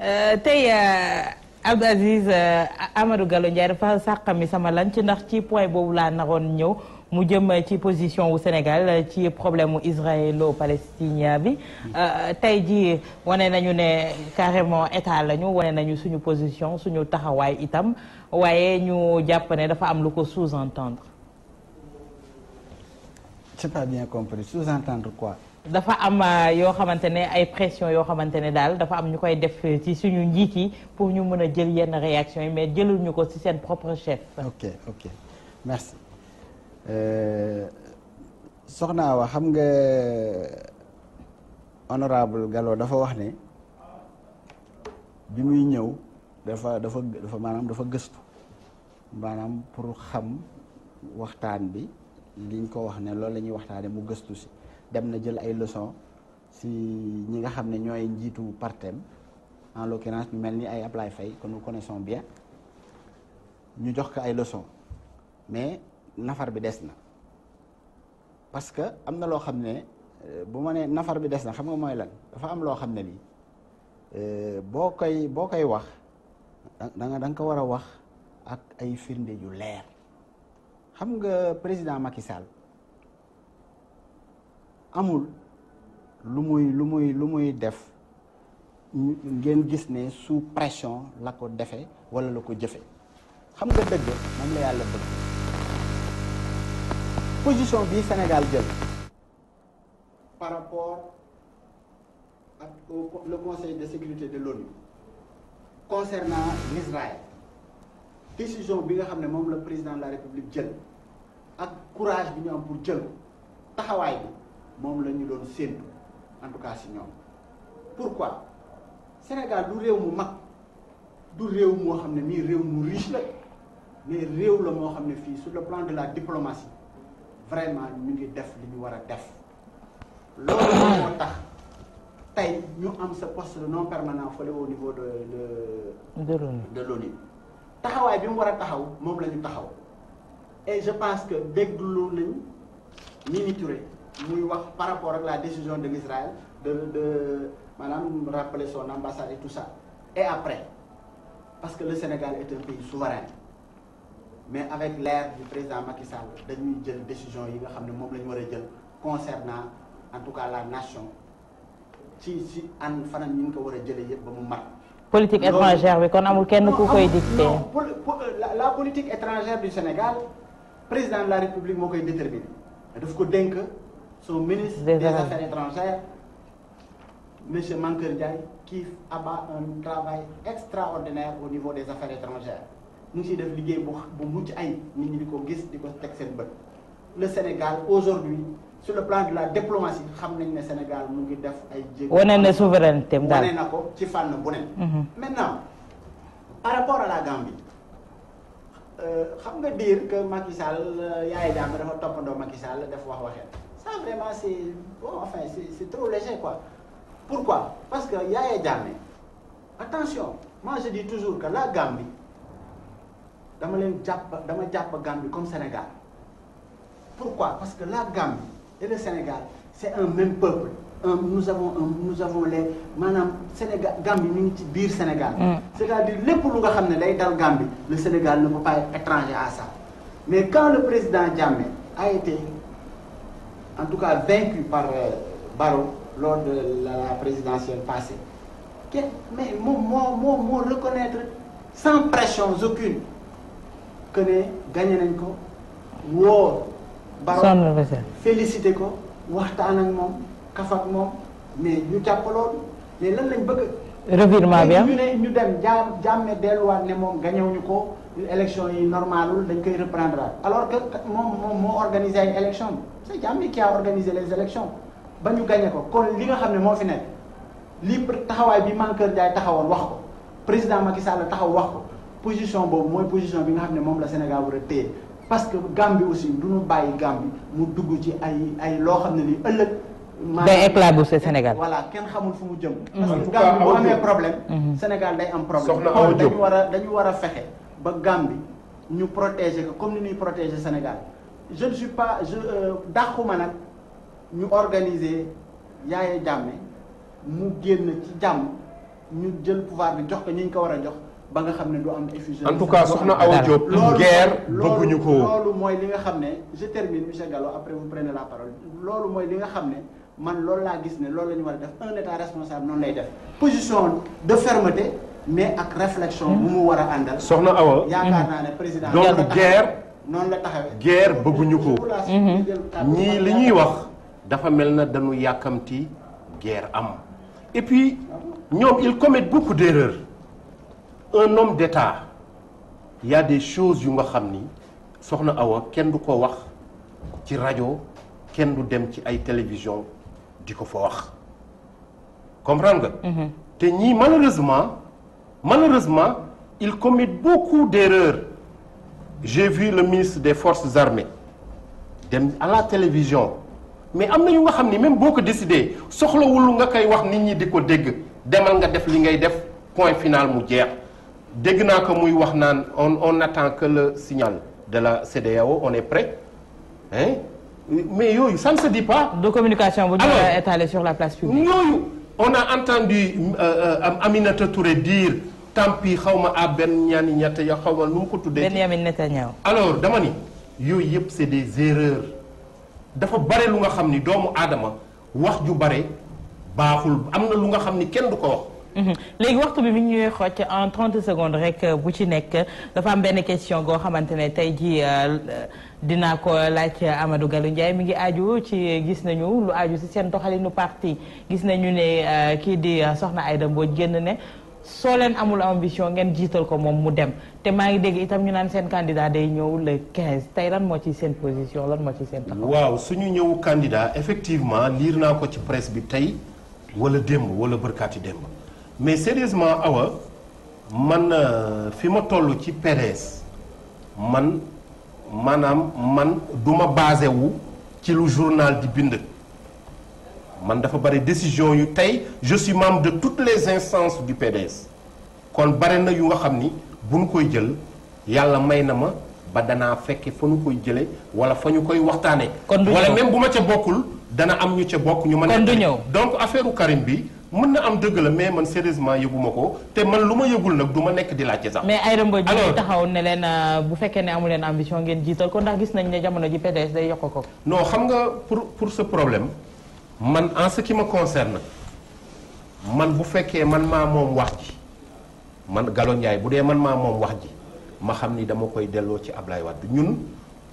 Euh, tey euh, Abdou Aziz euh, Amadou Gallo Ndiaye dafa sàqami sama lanc ndax ci point boobu laa naroon ñëw. mu jëm ci position wu Sénégal ci problème mu israélo-palestinien bi mm. euh, tey ji wane nañu ne carrément état lañu wane nañu suñu position suñu taxawaay itam waaye ñu jàppane dafa am lu ko sous-entendre.
c'est pas bien compris sous-entendre quoi.
dafa am euh, yoo xamante ne ay pression yoo xamante ne daal dafa am ñu koy def ci suñu njiit yi pour ñu mën a jël yenn réaction yi mais jëlul ñu ko si seen propre chef. ok
Eh, soxna wa xam nga honorable galo dafa wax ne bi muy ñëw dafa dafa dafa maanaam dafa gëstu maanaam pour xam waxtaan bi liñ ko wax ne loolu la ñuy waxtaane mu gëstu si dem na jël ay leçon si ñi nga xam ne ñooy njiitu partem en l'occurrence ñu mel ni ay Ablaye Faye que nous bien ñu jox ko ay leçon mais nafar bi des na parce que am na loo xam ne euh, bu ma nee nafar bi des na xam nga mooy lan dafa am loo xam ne lii euh, boo koy boo koy wax da danga ko war a wax ak ay firnde yu leer xam nga président Macky Sall amul lu muy lu muy lu muy def ngeen gis ne sous pression la ko defe walla la ko jëfe xam nga dëgg moom la yàlla bëgg position bi Sénégal jël par rapport ak le conseil de sécurité de l'ONU concernant l'Israël décision bi nga xam ne moom la président la république jël ak courage bi ñu am pour jël taxawaay bi moom la ñu doon séentu en tout cas si ñoom pourquoi Sénégal du réew mu mag du réew moo xam ne nii réew mu riche la mais réew la moo xam ne fii sur le plan de la diplomatie vraiment ñu ngi def li ñu war a def loolu moo tax tey ñu am sa poste de non permanent fële au niveau de de de l'ONU taxawaay bi mu war a taxaw moom la ñu taxaw et je pense que déglu nañ Mimi Touré muy wax par rapport ak la décision de l'Israël de de maanaam rappeler son ambassade et tout ça et après parce que le Sénégal est un pays souverain mais avec l'ère du président Macky Sall dañuy jël décision yi nga xam ne moom lañu ñu a jël concernant en tout cas la nation ci ci an fanam ñu ngi ko war a jëlee yëpp ba mu mat.
politique étrangère bi kon amul kenn ku koy dicté. Euh,
la politique étrangère du Sénégal président de la République moo koy déterminer def ko dénk son ministre des affaires étrangères monsieur Mankeur Ndiaye qui abat un travail extraordinaire au niveau des affaires étrangères ñu ngi siy def liggéey bu bu mucc ay nit ñi di ko gis di ko teg seen bët le Sénégal aujourd'hui sur le plan de la diplomatie xam nañ ne Sénégal mu ngi def ay jéego. wane na
souveraineté am daal wane na
ko ci fànn bu ne. Mm-hmm. maintenant par rapport à la Gambie euh, xam nga dire que Macky Sall euh, Yaya Jammeh dafa toppandoo Macky def wax waxee ça vraiment c' est enfin c' trop léger quoi pourquoi parce que Yaya Jammeh dama leen jàpp dama jàpp Gambie comme Sénégal pourquoi parce que la Gambie et le Sénégal c'est un même peuple un nous avons un nous avons les maanaam Sénégal Gambie ñu ngi ci biir Sénégal. Mm. c'est-à-dire lépp lu nga xam ne day dal Gambie le Sénégal ne peut pas étranger à ça mais quand le président Jammeh a été en tout cas vaincu par euh, Barrow lors de la présidentielle passée mais moom moo moo reconnaître sans pression aucune que ne gagné nañ ko woo. Baro félicité ko waxtaan ak moom kaf ak moom mais ñu jàpp loolu mais lan lañ bëgg. revirement bi am ñu ne ñu dem jaam jaam ne delluwaat ne moom ñu ko élection yi normalul dañ koy reprendre alors que moom moom moo organisé ay élection bi c'est Jammeh qui a organisé les élections ba ñu gañe ko kon li nga xam ne moo fi nekk li taxawaay bi Mankeur Ndiaye taxawoon wax ko président Macky Sall taxaw wax ko. position boobu mooy position bi nga xam ne moom la Sénégal war a téye parce que Gambie aussi du ñu bàyyi Gambie mu dugg ci ay ay loo xam ne ni ëllëg. day éclabousser Sénégal. voilà kenn xamul fu mu jëm. Mhm. parce que Gambie bu amee problème. Mhm. Sénégal day am problème. soxna Awa dañu war a fexe ba Gambie ñu protéger ko comme ni ñuy protéger Sénégal je ne suis pas je euh, dàquma nag ñu organiser Yaya Jammeh mu génn ci jàmm ñu jël pouvoir bi jox ko ñi ñu ko war a jox. ba nga xam ne du am effusion. en tout cas soxna Awa Diop. guerre bëgguñu ko loolu mooy li nga xam ne je termine après vous prenez loolu mooy li nga xam ne man loolu laa gis ne loolu la ñu war a def un état responsable noonu lay def position de fermeté mais ak réflexion. bu mu war a àndal. soxna Awa yaakaar naa ne président. donc guerre noonu la taxawee
guerre bëgguñu ko.
Mhm. ñii li ñuy
wax dafa mel na dañu yàkkamti guerre am et puis ñoom ils commettent beaucoup d'erreurs. un homme d'État y a des choses yu nga xam ni soxna Awa kenn du ko wax ci rajo kenn du dem ci ay télévision di ko fa wax comprendre nga. Mhm. te ñii malheureusement malheureusement ils commettent beaucoup d'erreurs j'ai vu le ministre des forces armées dem à la télévision mais am na yu nga xam ni même boo ko décidé soxlawul nga koy wax nit ñi di ko dégg demal nga def li ngay def point final mu jeex. dégg naa ko muy wax naan on on attend que la signal de la CEDEAO on est prêt hein
mais yooyu ça ne se dit pas. de communication bu ñu la étaler sur la place publique. yooyu
on a entendu euh, euh, aminat Touré dire tant pis xaw ma à benn ñaani ñett ya xaw ma mu ko tuddee.
Benyamin Netanyahu.
alors dama ni yooyu yëpp c'est des erreurs dafa bare lu nga xam ni doomu aadama wax ju bare baaxul
am na lu nga xam ni kenn du ko wax. Mhm. léegi waxtu bi mi ngi ñuy xocc en 30 secondes rek euh, bu ci nekk dafa am benn question goo xamante ne tey jii euh, dinaa ko laaj amadu Gallo njaay mi ngi aju ci euh, gis nañu lu aju si seen doxalinu parti gis nañu ne kii di Soxna Aïda Mbodj génn ne soo leen amul ambition ngeen jiital ko moom mu dem te maa ngi dégg itam ñu naan seen day ñëw le tey lan moo ci seen lan moo ci seen taxaw.
suñu ñëw candidat effectivement liir naa ko ci presse bi tey wala démb wala bërkaati démb. mais sérieusement awa man euh, fi ma toll ci PDS man maanaam man du ma basé wu ci lu journal di bind man dafa bari décision yu tey je suis membre de toutes les instances du PDS kon bari na yu nga xam ni bu ñu koy jël yàlla may na ma ba danaa fekke fa ñu koy jële wala fa ñu koy waxtaane wala même bu ma ca bokkul dana am ñu ca bokk ñu mën kon du ñëw donc affaire Karim bi mën na am dëgg la mais man sérieusement yëguma ko te man lu ma yëgul nag du ma nekk di laajte sax. mais
Aïda Mbodj ñu taxaw ne leen euh, bu fekkee ne amu leen ambition ngeen jiital ko ndax gis nañ ne jamono ji PDS day yokk ko.
non xam nga pour pour ce problème man en ce ma me concerne man bu fekkee man maa moom wax ji man Gallo Ndiaye bu dee man maa moom wax ji ma xam ni dama koy delloo ci Ablaye Wade ñun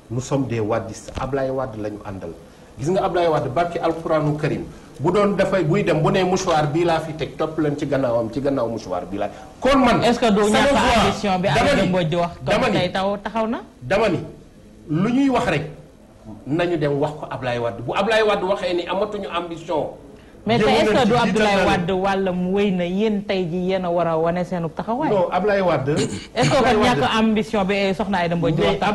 nous sommes des wadistes ablaay wàdd la ñu àndal gis nga Ablaye Wade barki alquranu karim bu doon dafay buy dem bu nee mouchoir bii laa fi teg topp leen ci gannaawam ci gannaaw mouchoir bii laa kon man. est-ce que du ñàkk ambition bi Aly Mbodj di wax. dama ni taw taxaw na. dama lu ñuy wax rek nañu dem wax ko Ablaye Wade bu Ablaye waxee ni amatuñu ambition.
mais tey est-ce na yéen tey ji yéen war a wane seen taxawaay. non Ablaye Wade. est eh, soxna Aïda Mbodj di wax.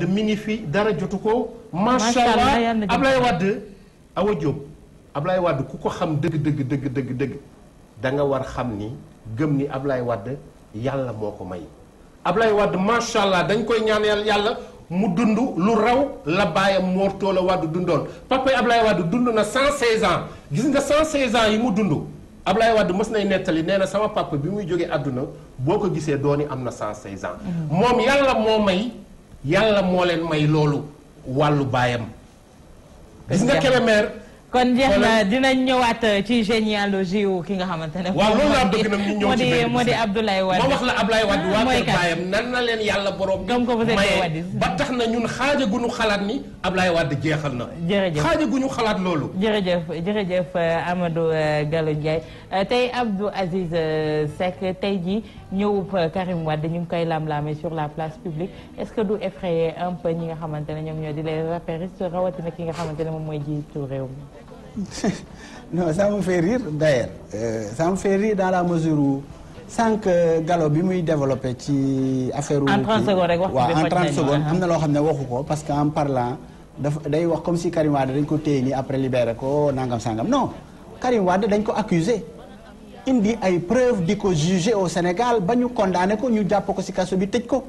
mais mi ngi fi dara jotu ko. macha allah macha allah Ablaye Wade
Awa Ablaye wadd ku ko xam dëgg dëgg dëgg dëgg dëgg da nga war xam ni gëm ni ab Ablaye wadd yàlla moo ko may Ablaye Wade macha allah dañ koy ñaanal yàlla mu dund lu raw la baayam Mor Talla wadd dundoon papa Ablaye Wade dund na 116 ans gis nga 116 ans yi mu dund Ablaye wadd mës nay nettali nee na sama papa bi muy jógee àdduna boo ko gisee dooni am na 116 ans. Mm-hmm. moom yàlla moo may yàlla moo leen may loolu wàllu baayam. gis nga Kébémer.
kon jeex na dinañ ñëwaat euh, ci généalogie wu ki nga xamante ne. waaw loolu laa bëgg nag ñu ñëw ci benn moo di Abdoulaye Wade. ma wax la Abdoulaye Wade ah, waa kër baayam
nan na leen yàlla borom. bi maye ba tax na ñun xaaja gu ñu xalaat ni Abdoulaye Wade jeexal na.
jërëjëf xaaja gu ñu xalaat loolu. jërëjëf jërëjëf euh, Amadou euh, Gallo Ndiaye tey Abdou Aziz Seck tey jii. ñëwub Karim Wade ñu ngi koy lam-laamee sur la place publique est-ce que du effrayer un peu ñi nga xamante ne ñoom ñoo di les apéristes rawatina ki nga xamante ne moom mooy jiitu réew mi
non ça me fait rire d'ailleurs euh, ça me fait rire dans la mesure sànq Gallo bi muy développé ci affaire. en 30 secondes rek wax waaw en 30 secondes am loo xam ne waxu ko parce que en parlant dafa day wax comme si Karim Wade dañ ko téye nii après libéré ko nangam sangam non Karim Wade dañ ko accusé indi ay preuve di ko jugé au Sénégal ba ñu condamné ko ñu jàpp ko ci kaso bi tëj ko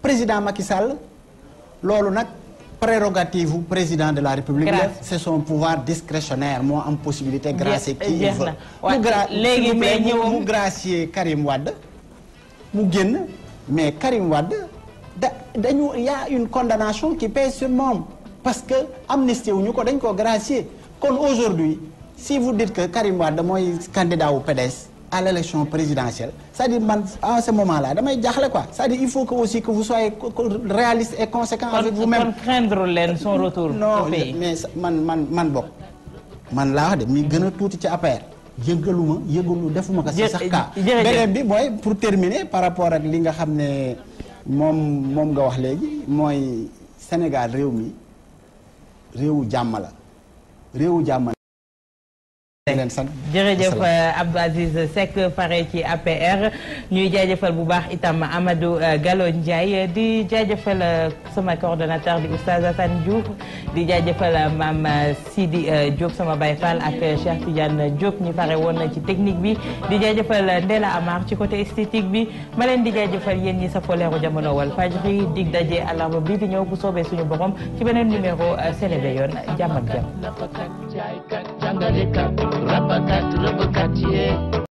président Macky Sall loolu nag prérogative président de la république la c'est son pouvoir discrétionnaire moo am possibilité gracier qui il veut mu gra léegi mais ñëw mu gracier Karim Wade mu génn mais Karim Wade da dañu y une condamnation qui pèse sur moom parce que amnistie wuñu ko dañ ko gracier kon aujourd'hui si vous dites que Karim Wade mooy candidat wu PDS à l' présidentielle cest dire man en moment laa damay jaaxle quoi sa à dire il faut que aussi que vous soyez réaliste et conséquent avec vous même leen son retour non mais man man man bokk man laa wax de mi gën a tuuti ci APR yëgaluma yëgalu defuma ko si sax kaa beneen bi mooy pour terminer par rapport ak li nga xam ne moom moom nga wax léegi mooy Sénégal réew mi réewu jàmm la réewu jàmm jërëjëf
euh, Abdou Aziz Seck pare ci APR ñuy jaajëfal bu baax itam Amadou euh, Gallo Ndiaye di jaajëfal euh, sama coordonnateur di Oustaz Assane Diouf di jaajëfal maam Sidi jóg sama bay Fall ak Cheikh Tidiane Diop ñi pare woon ci technique bi di jaajëfal Ndella Amar ci côté esthétique bi ma leen di jaajëfal yéen ñi sa foleeru jamono wal fajri dig daje àllarba bi di ñëw bu soobee suñu borom ci beneen numéro Senebe yoon jàmmat ak Rapakat, rapakat, yeah.